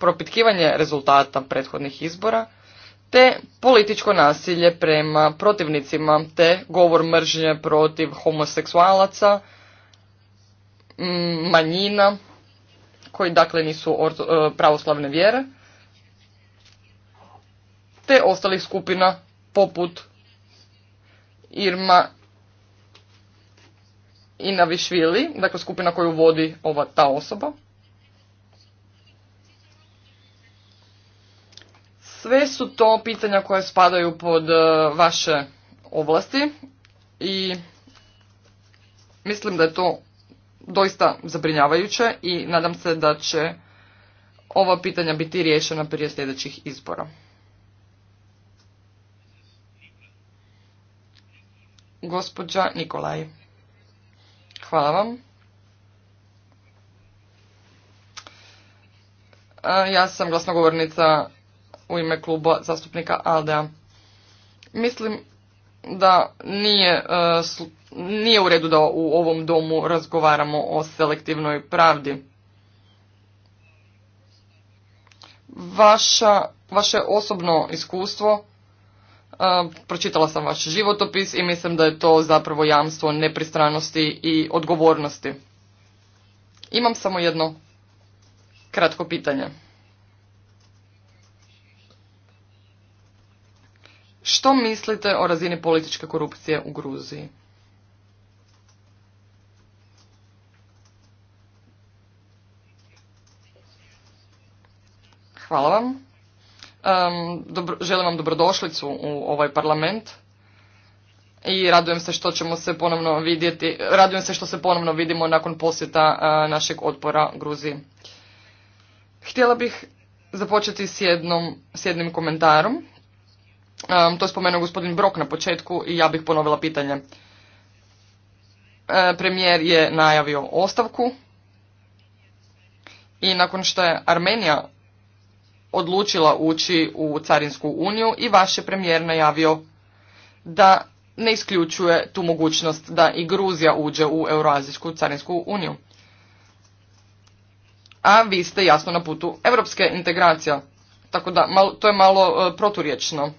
propitkivanje rezultata prethodnih izbora, te političko nasilje prema protivnicima, te govor mržnje protiv homoseksualaca, manjina, koji dakle nisu e, pravoslavne vjere, te ostalih skupina poput Irma i Navišvili, dakle skupina koju vodi ova ta osoba. Sve su to pitanja koje spadaju pod e, vaše ovlasti i mislim da je to doista zabrinjavajuće i nadam se da će ova pitanja biti riješena prije sljedećih izbora. Gospođa Nikolaj. Hvala vam. Ja sam glasnogovornica u ime kluba zastupnika Aldea. Mislim da nije, e, nije u redu da u ovom domu razgovaramo o selektivnoj pravdi. Vaša, vaše osobno iskustvo Pročitala sam vaš životopis i mislim da je to zapravo jamstvo nepristranosti i odgovornosti. Imam samo jedno kratko pitanje. Što mislite o razini političke korupcije u Gruziji? Hvala vam. Um, dobro, želim vam dobrodošlicu u ovaj parlament i radujem se što ćemo se ponovno vidjeti, radujem se što se ponovno vidimo nakon posjeta e, našeg odpora Gruziji. Htjela bih započeti s, jednom, s jednim komentarom. Um, to je spomenuo gospodin Brok na početku i ja bih ponovila pitanje. E, premijer je najavio ostavku i nakon što je Armenija odlučila ući u Carinsku uniju i vaš je premijer najavio da ne isključuje tu mogućnost da i Gruzija uđe u Euroazijsku Carinsku uniju. A vi ste jasno na putu evropske integracija. Tako da to je malo e, proturječno.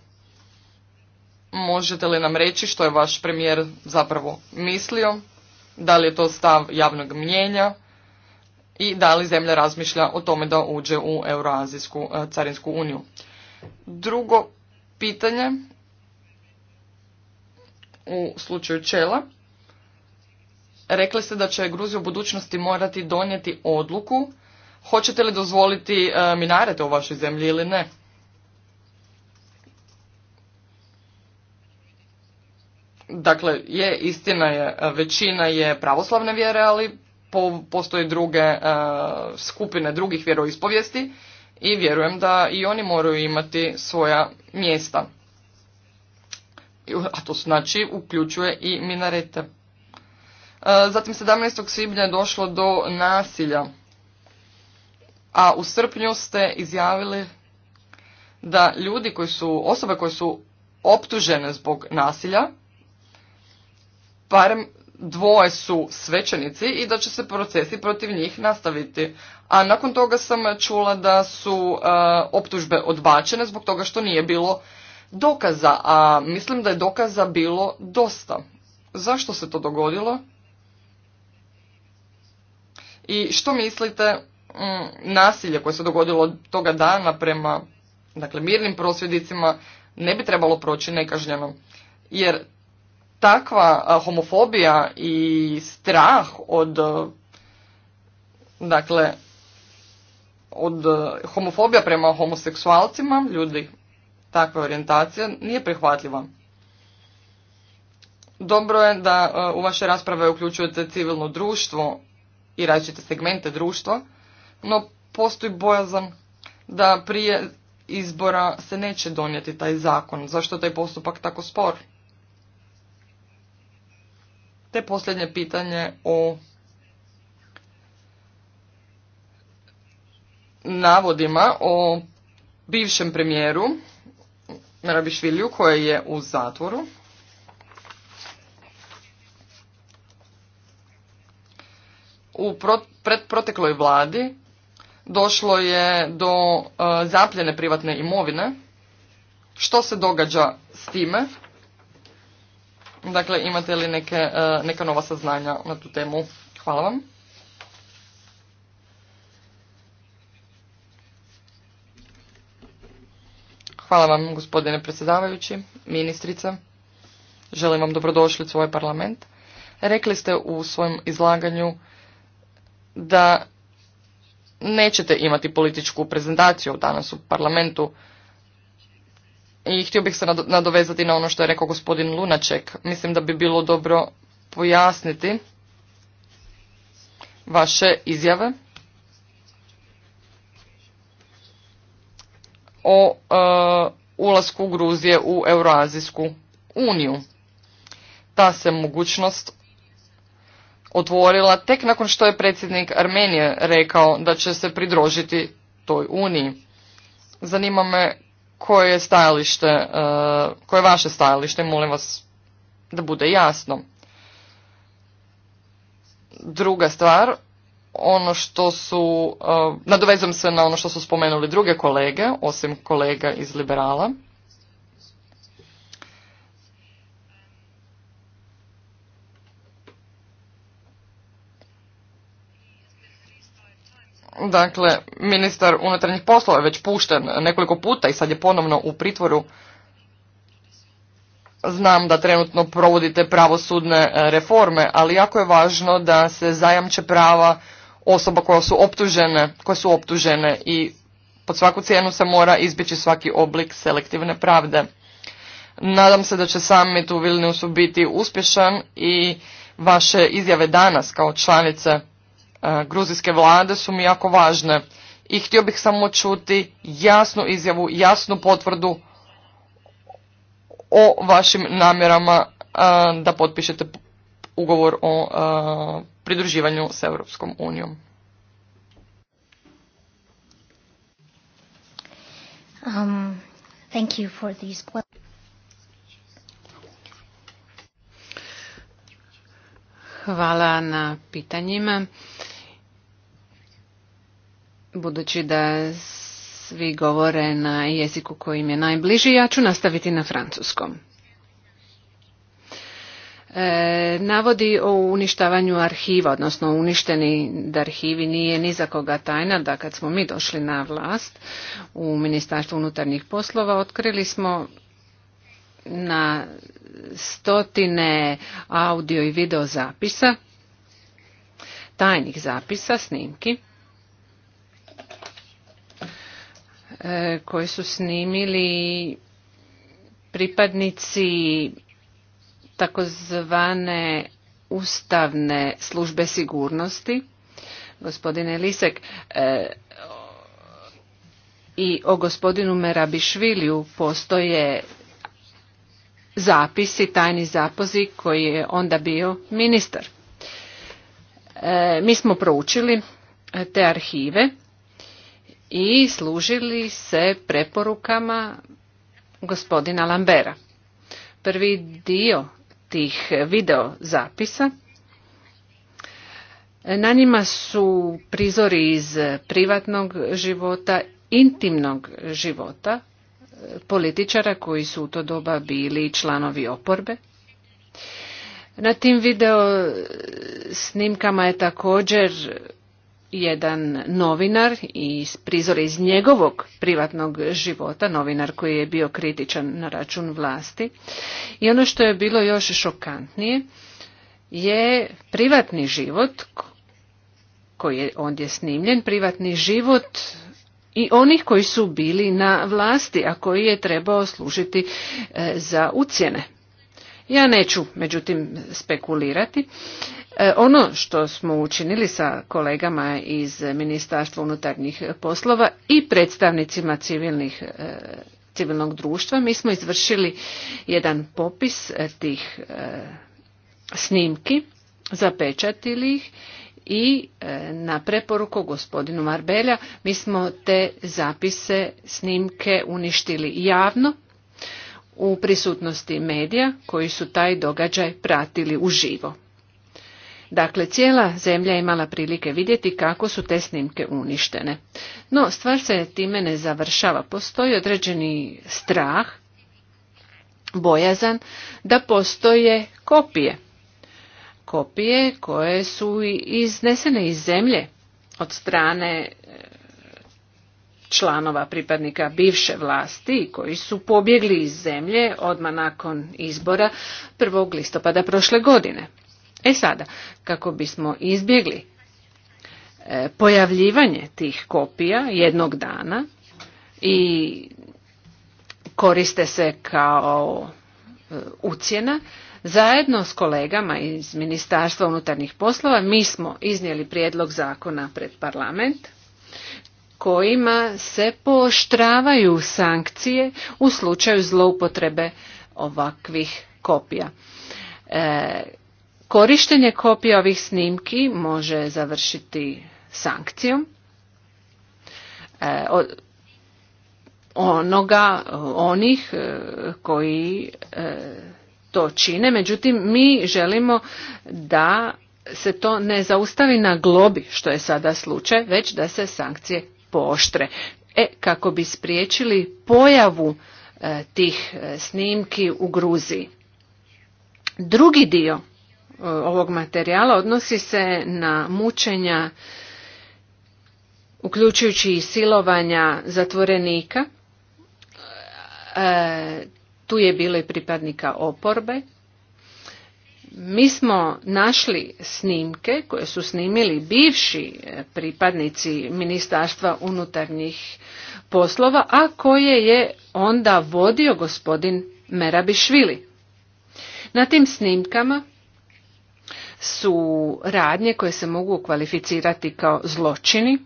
Možete li nam reći što je vaš premijer zapravo mislio? Da li je to stav javnog mnjenja? i da li zemlja razmišlja o tome da uđe u Euroazijsku e, carinsku uniju. Drugo pitanje u slučaju Čela. Rekli ste da će Gruzija u budućnosti morati donijeti odluku hoćete li dozvoliti e, minarete u vašoj zemlji ili ne. Dakle, je, istina je, većina je pravoslavne vjere, ali postoje druge e, skupine drugih vjeroispovijesti i vjerujem da i oni moraju imati svoja mjesta. A to znači uključuje i minarete. E, zatim 17. svibnja je došlo do nasilja. A u srpnju ste izjavili da ljudi koji su, osobe koje su optužene zbog nasilja, barem dvoje su svećenici i da će se procesi protiv njih nastaviti. A nakon toga sam čula da su e, optužbe odbačene zbog toga što nije bilo dokaza, a mislim da je dokaza bilo dosta. Zašto se to dogodilo? I što mislite mm, nasilje koje se dogodilo od toga dana prema dakle, mirnim prosvjedicima ne bi trebalo proći nekažnjeno? Jer takva homofobija i strah od dakle od homofobija prema homoseksualcima, ljudi takve orijentacije, nije prihvatljiva. Dobro je da u vaše rasprave uključujete civilno društvo i različite segmente društva, no postoji bojazan da prije izbora se neće donijeti taj zakon. Zašto taj postupak tako spor? Te posljednje pitanje o navodima o bivšem premijeru Rabišvilju koji je u zatvoru. U protekloj vladi došlo je do e, zapljene privatne imovine. Što se događa s time? Dakle, imate li neke, e, neka nova saznanja na tu temu? Hvala vam. Hvala vam, gospodine predsjedavajući, ministrice. Želim vam dobrodošli u ovaj parlament. Rekli ste u svojem izlaganju da nećete imati političku prezentaciju danas u parlamentu, i htio bih se nadovezati na ono što je rekao gospodin Lunaček. Mislim da bi bilo dobro pojasniti vaše izjave o e, ulasku Gruzije u Euroazijsku uniju. Ta se mogućnost otvorila tek nakon što je predsjednik Armenije rekao da će se pridružiti toj uniji. Zanima me koje je stajalište, e, koje je vaše stajalište, molim vas da bude jasno. Druga stvar, ono što su, e, nadovezam se na ono što su spomenuli druge kolege, osim kolega iz liberala, Dakle, ministar unutarnjih poslova je već pušten nekoliko puta i sad je ponovno u pritvoru. Znam da trenutno provodite pravosudne e, reforme, ali jako je važno da se zajamče prava osoba koja su optužene, koje su optužene i pod svaku cijenu se mora izbjeći svaki oblik selektivne pravde. Nadam se da će summit u Vilniusu biti uspješan i vaše izjave danas kao članice E, gruzijske vlade su mi jako važne i htio bih samo čuti jasnu izjavu, jasnu potvrdu o vašim namjerama e, da potpišete ugovor o e, pridruživanju s Europskom unijom. Um, thank you for these... Hvala na pitanjima. Budući da svi govore na jeziku kojim je najbliži, ja ću nastaviti na francuskom. E, navodi o uništavanju arhiva, odnosno uništeni da arhivi nije ni za koga tajna, da kad smo mi došli na vlast u Ministarstvu unutarnjih poslova, otkrili smo na stotine audio i video zapisa, tajnih zapisa, snimki, E, koje su snimili pripadnici takozvane ustavne službe sigurnosti, gospodine Lisek, e, i o gospodinu Merabišviliju postoje zapisi, tajni zapozi koji je onda bio ministar. E, mi smo proučili te arhive i služili se preporukama gospodina Lambera. Prvi dio tih video zapisa na njima su prizori iz privatnog života, intimnog života e, političara koji su u to doba bili članovi oporbe. Na tim video snimkama je također jedan novinar i prizor iz njegovog privatnog života, novinar koji je bio kritičan na račun vlasti. I ono što je bilo još šokantnije je privatni život koji je ondje snimljen, privatni život i onih koji su bili na vlasti, a koji je trebao služiti e, za ucjene. Ja neću, međutim, spekulirati. E, ono što smo učinili sa kolegama iz Ministarstva unutarnjih poslova i predstavnicima civilnih e, civilnog društva, mi smo izvršili jedan popis e, tih snimki, zapečatili ih i na preporuku gospodinu Marbelja mi smo te zapise, snimke uništili javno u prisutnosti medija koji su taj događaj pratili uživo. Dakle, cijela zemlja je imala prilike vidjeti kako su te snimke uništene. No, stvar se time ne završava. Postoji određeni strah, bojazan, da postoje kopije. Kopije koje su iznesene iz zemlje od strane e, članova pripadnika bivše vlasti koji su pobjegli iz zemlje odmah nakon izbora 1. listopada prošle godine. E sada, kako bismo izbjegli e, pojavljivanje tih kopija jednog dana i koriste se kao e, ucjena, Zajedno s kolegama iz Ministarstva unutarnjih poslova mi smo iznijeli prijedlog zakona pred parlament kojima se pooštravaju sankcije u slučaju zloupotrebe ovakvih kopija. E, Korištenje kopija ovih snimki može završiti sankcijom e, onoga, onih e, koji e, to čine. Međutim, mi želimo da se to ne zaustavi na globi, što je sada slučaj, već da se sankcije poštre. E, kako bi spriječili pojavu tih snimki u Gruziji. Drugi dio ovog materijala odnosi se na mučenja uključujući i silovanja zatvorenika. E, tu je bilo i pripadnika oporbe. Mi smo našli snimke koje su snimili bivši e, pripadnici Ministarstva unutarnjih poslova, a koje je onda vodio gospodin Merabišvili. Na tim snimkama su radnje koje se mogu kvalificirati kao zločini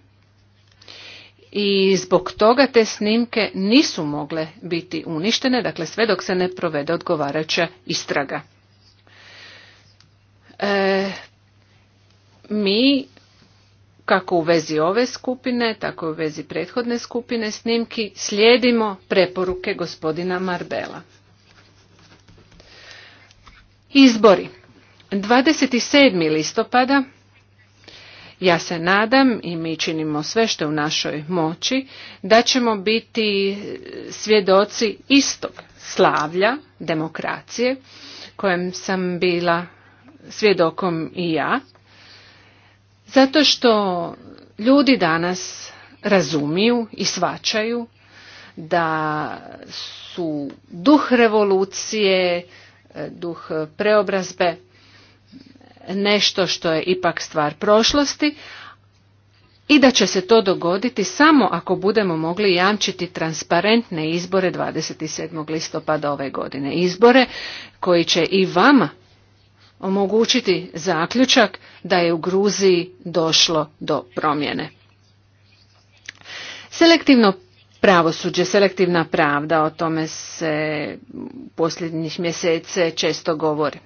i zbog toga te snimke nisu mogle biti uništene, dakle sve dok se ne provede odgovarajuća istraga. E, mi kako u vezi ove skupine, tako i u vezi prethodne skupine snimki slijedimo preporuke gospodina Marbela. Izbori 27. listopada ja se nadam i mi činimo sve što je u našoj moći da ćemo biti svjedoci istog slavlja demokracije kojem sam bila svjedokom i ja zato što ljudi danas razumiju i svačaju da su duh revolucije duh preobrazbe nešto što je ipak stvar prošlosti i da će se to dogoditi samo ako budemo mogli jamčiti transparentne izbore 27. listopada ove godine. Izbore koji će i vama omogućiti zaključak da je u Gruziji došlo do promjene. Selektivno pravosuđe, selektivna pravda, o tome se posljednjih mjesece često govori.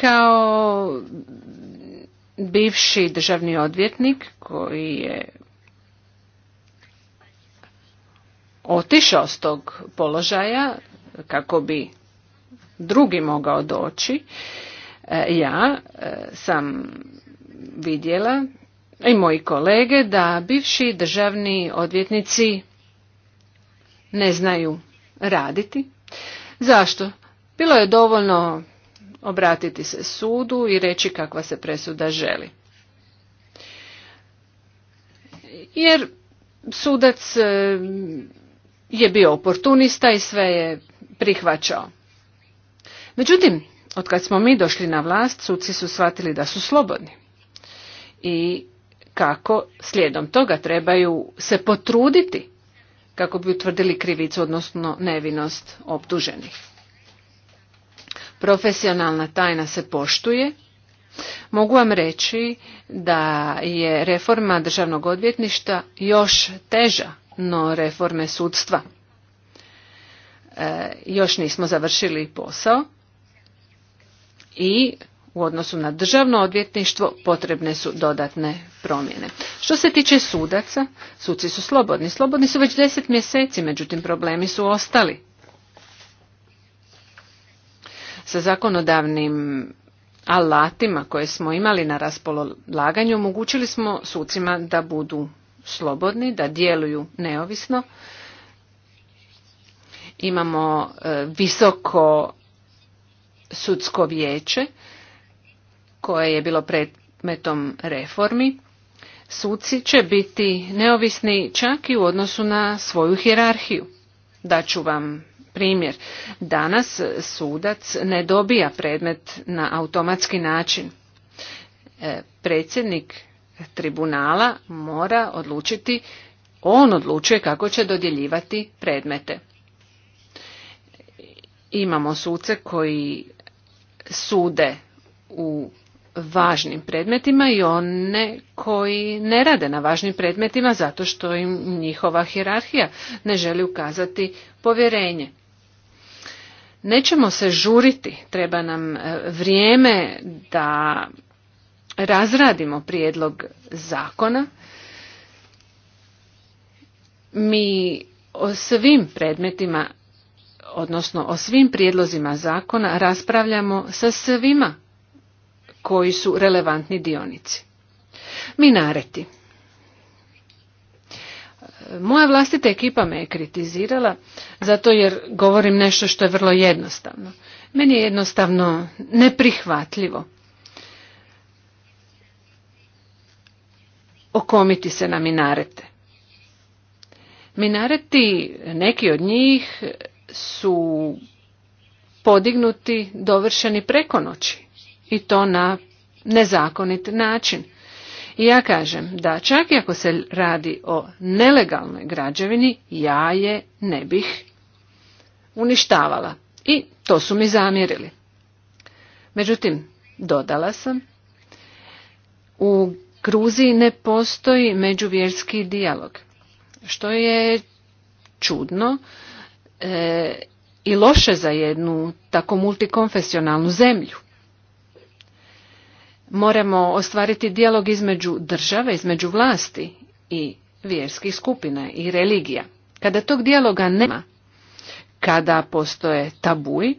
Kao bivši državni odvjetnik koji je otišao s tog položaja kako bi drugi mogao doći, e, ja e, sam vidjela i moji kolege da bivši državni odvjetnici ne znaju raditi. Zašto? Bilo je dovoljno obratiti se sudu i reći kakva se presuda želi. Jer sudac e, je bio oportunista i sve je prihvaćao. Međutim, od kad smo mi došli na vlast, suci su shvatili da su slobodni. I kako slijedom toga trebaju se potruditi kako bi utvrdili krivicu, odnosno nevinost optuženih profesionalna tajna se poštuje. Mogu vam reći da je reforma državnog odvjetništva još teža, no reforme sudstva. E, još nismo završili posao i u odnosu na državno odvjetništvo potrebne su dodatne promjene. Što se tiče sudaca, suci su slobodni. Slobodni su već deset mjeseci, međutim problemi su ostali sa zakonodavnim alatima koje smo imali na raspolaganju omogućili smo sucima da budu slobodni, da djeluju neovisno. Imamo e, visoko sudsko vijeće koje je bilo predmetom reformi. Suci će biti neovisni čak i u odnosu na svoju hijerarhiju. Daću vam primjer. Danas sudac ne dobija predmet na automatski način. E, predsjednik tribunala mora odlučiti, on odlučuje kako će dodjeljivati predmete. Imamo suce koji sude u važnim predmetima i one koji ne rade na važnim predmetima zato što im njihova hirarhija ne želi ukazati povjerenje. Nećemo se žuriti, treba nam e, vrijeme da razradimo prijedlog zakona. Mi o svim predmetima, odnosno o svim prijedlozima zakona raspravljamo sa svima koji su relevantni dionici. Minareti. Moja vlastita ekipa me je kritizirala zato jer govorim nešto što je vrlo jednostavno. Meni je jednostavno neprihvatljivo okomiti se na minarete. Minareti, neki od njih su podignuti, dovršeni preko noći i to na nezakonit način. I ja kažem da čak i ako se radi o nelegalnoj građevini, ja je ne bih uništavala. I to su mi zamjerili. Međutim, dodala sam, u Gruziji ne postoji međuvjerski dijalog, što je čudno e, i loše za jednu tako multikonfesionalnu zemlju moramo ostvariti dijalog između države, između vlasti i vjerskih skupina i religija. Kada tog dijaloga nema, kada postoje tabuj,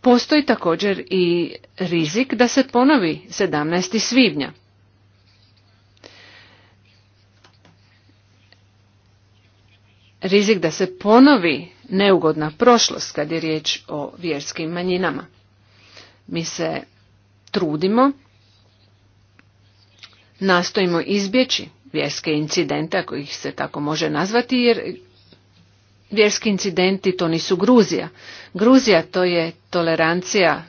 postoji također i rizik da se ponovi 17. svibnja. Rizik da se ponovi neugodna prošlost kad je riječ o vjerskim manjinama. Mi se trudimo nastojimo izbjeći vjerske incidente, ako ih se tako može nazvati, jer vjerski incidenti to nisu Gruzija. Gruzija to je tolerancija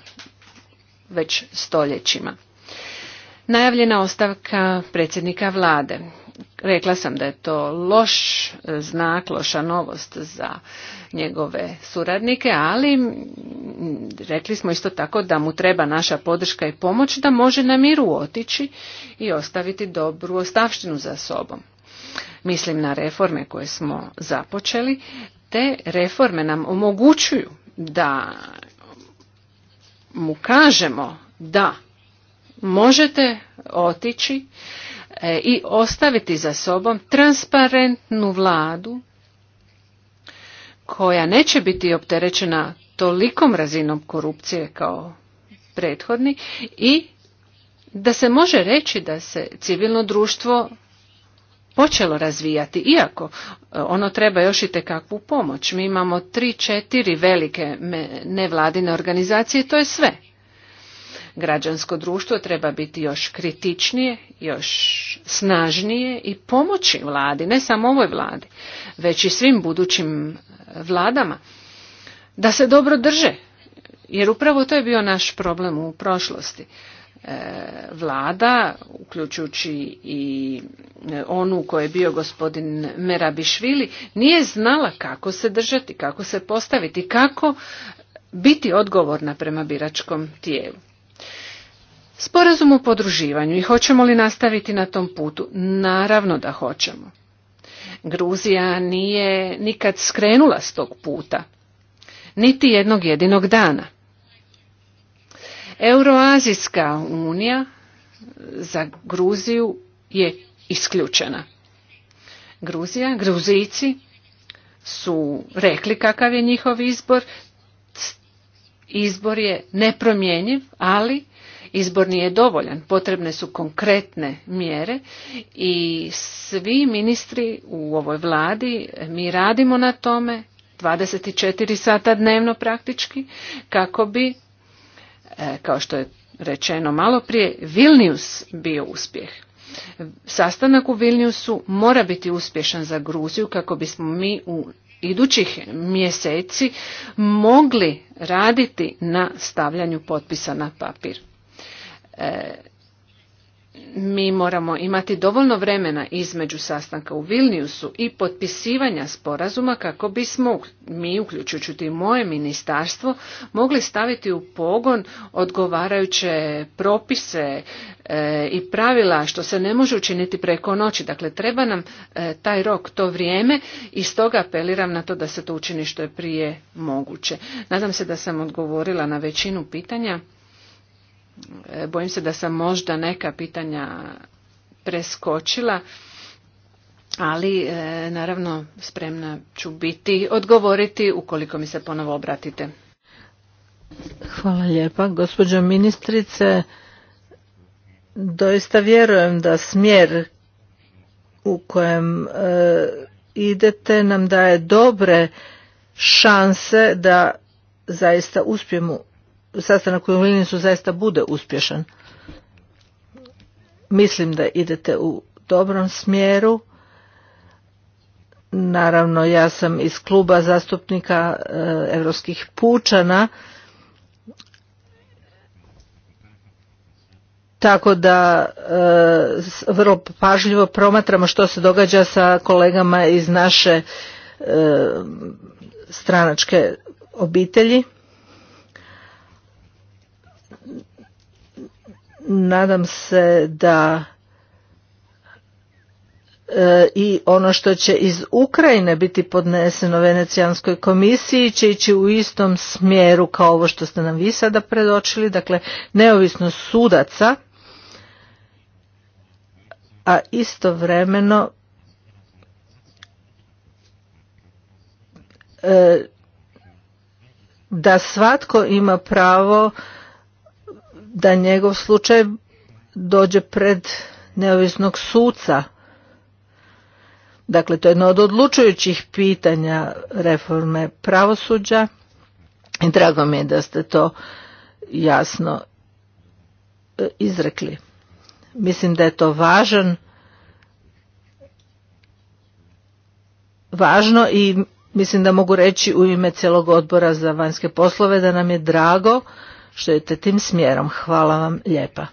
već stoljećima. Najavljena ostavka predsjednika vlade. Rekla sam da je to loš znak, loša novost za njegove suradnike, ali rekli smo isto tako da mu treba naša podrška i pomoć da može na miru otići i ostaviti dobru ostavštinu za sobom. Mislim na reforme koje smo započeli, te reforme nam omogućuju da mu kažemo da možete otići E, i ostaviti za sobom transparentnu vladu koja neće biti opterećena tolikom razinom korupcije kao prethodni i da se može reći da se civilno društvo počelo razvijati, iako e, ono treba još i tekakvu pomoć. Mi imamo tri, četiri velike nevladine organizacije to je sve. Građansko društvo treba biti još kritičnije, još snažnije i pomoći vladi, ne samo ovoj vladi, već i svim budućim e, vladama, da se dobro drže. Jer upravo to je bio naš problem u prošlosti e, vlada, uključujući i e, onu u kojoj je bio gospodin Merabišvili, nije znala kako se držati, kako se postaviti, kako biti odgovorna prema biračkom tijelu. Sporazum o podruživanju i hoćemo li nastaviti na tom putu? Naravno da hoćemo. Gruzija nije nikad skrenula s tog puta, niti jednog jedinog dana. Euroazijska unija za Gruziju je isključena. Gruzija, Gruzijci su rekli kakav je njihov izbor. Izbor je nepromjenjiv, ali izbor nije dovoljan. Potrebne su konkretne mjere i svi ministri u ovoj vladi, mi radimo na tome 24 sata dnevno praktički kako bi, e, kao što je rečeno malo prije, Vilnius bio uspjeh. Sastanak u Vilniusu mora biti uspješan za Gruziju kako bismo mi u idućih mjeseci mogli raditi na stavljanju potpisa na papir. E, mi moramo imati dovoljno vremena između sastanka u Vilniusu i potpisivanja sporazuma kako bismo mi, uključujući i moje ministarstvo, mogli staviti u pogon odgovarajuće propise e, i pravila što se ne može učiniti preko noći. Dakle, treba nam e, taj rok, to vrijeme i stoga apeliram na to da se to učini što je prije moguće. Nadam se da sam odgovorila na većinu pitanja. E, bojim se da sam možda neka pitanja preskočila, ali e, naravno spremna ću biti odgovoriti ukoliko mi se ponovo obratite. Hvala lijepa. Gospođo ministrice, doista vjerujem da smjer u kojem e, idete nam daje dobre šanse da zaista uspijemo sastanak u Vilniusu zaista bude uspješan. Mislim da idete u dobrom smjeru. Naravno, ja sam iz kluba zastupnika europskih eh, pučana, tako da eh, vrlo pažljivo promatramo što se događa sa kolegama iz naše eh, stranačke obitelji. nadam se da e, i ono što će iz Ukrajine biti podneseno Venecijanskoj komisiji će ići u istom smjeru kao ovo što ste nam vi sada predočili, dakle neovisno sudaca, a istovremeno e, da svatko ima pravo da njegov slučaj dođe pred neovisnog suca. Dakle, to je jedno od odlučujućih pitanja reforme pravosuđa i drago mi je da ste to jasno e, izrekli. Mislim da je to važan, važno i mislim da mogu reći u ime cijelog odbora za vanjske poslove da nam je drago što idete tim smjerom. Hvala vam lijepa.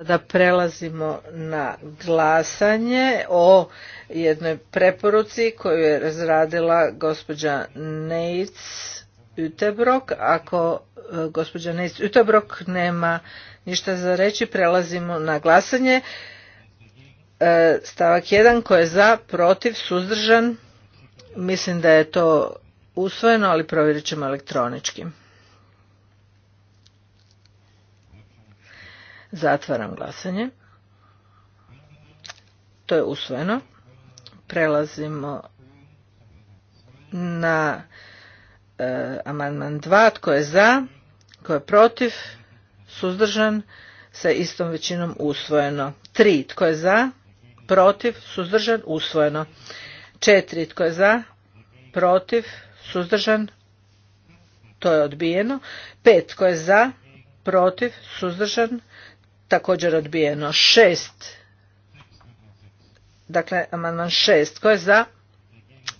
Da prelazimo na glasanje o jednoj preporuci koju je razradila gospođa Neitz Utebrok. Ako e, gospođa Neitz Utebrok nema ništa za reći, prelazimo na glasanje. E, stavak 1 koji je za, protiv, suzdržan. Mislim da je to usvojeno, ali provjerit ćemo elektronički. Zatvaram glasanje. To je usvojeno. Prelazimo na e, amandman 2. Tko je za? Tko je protiv? Suzdržan? Sa istom većinom usvojeno. 3. Tko je za? Protiv? Suzdržan? Usvojeno. 4. Tko je za? Protiv? Suzdržan? To je odbijeno. 5. Tko je za? Protiv? Suzdržan? također odbijeno. Šest, dakle amandman šest, tko je za,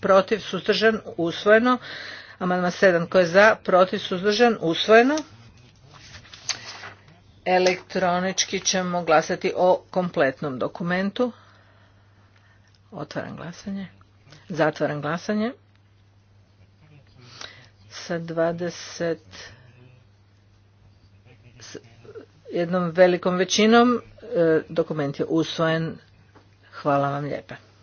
protiv, suzdržan, usvojeno. Amandman sedam, tko je za, protiv, suzdržan, usvojeno. Elektronički ćemo glasati o kompletnom dokumentu. Otvaram glasanje. Zatvaram glasanje. Sa 20 jednom velikom većinom. E, dokument je usvojen. Hvala vam lijepa.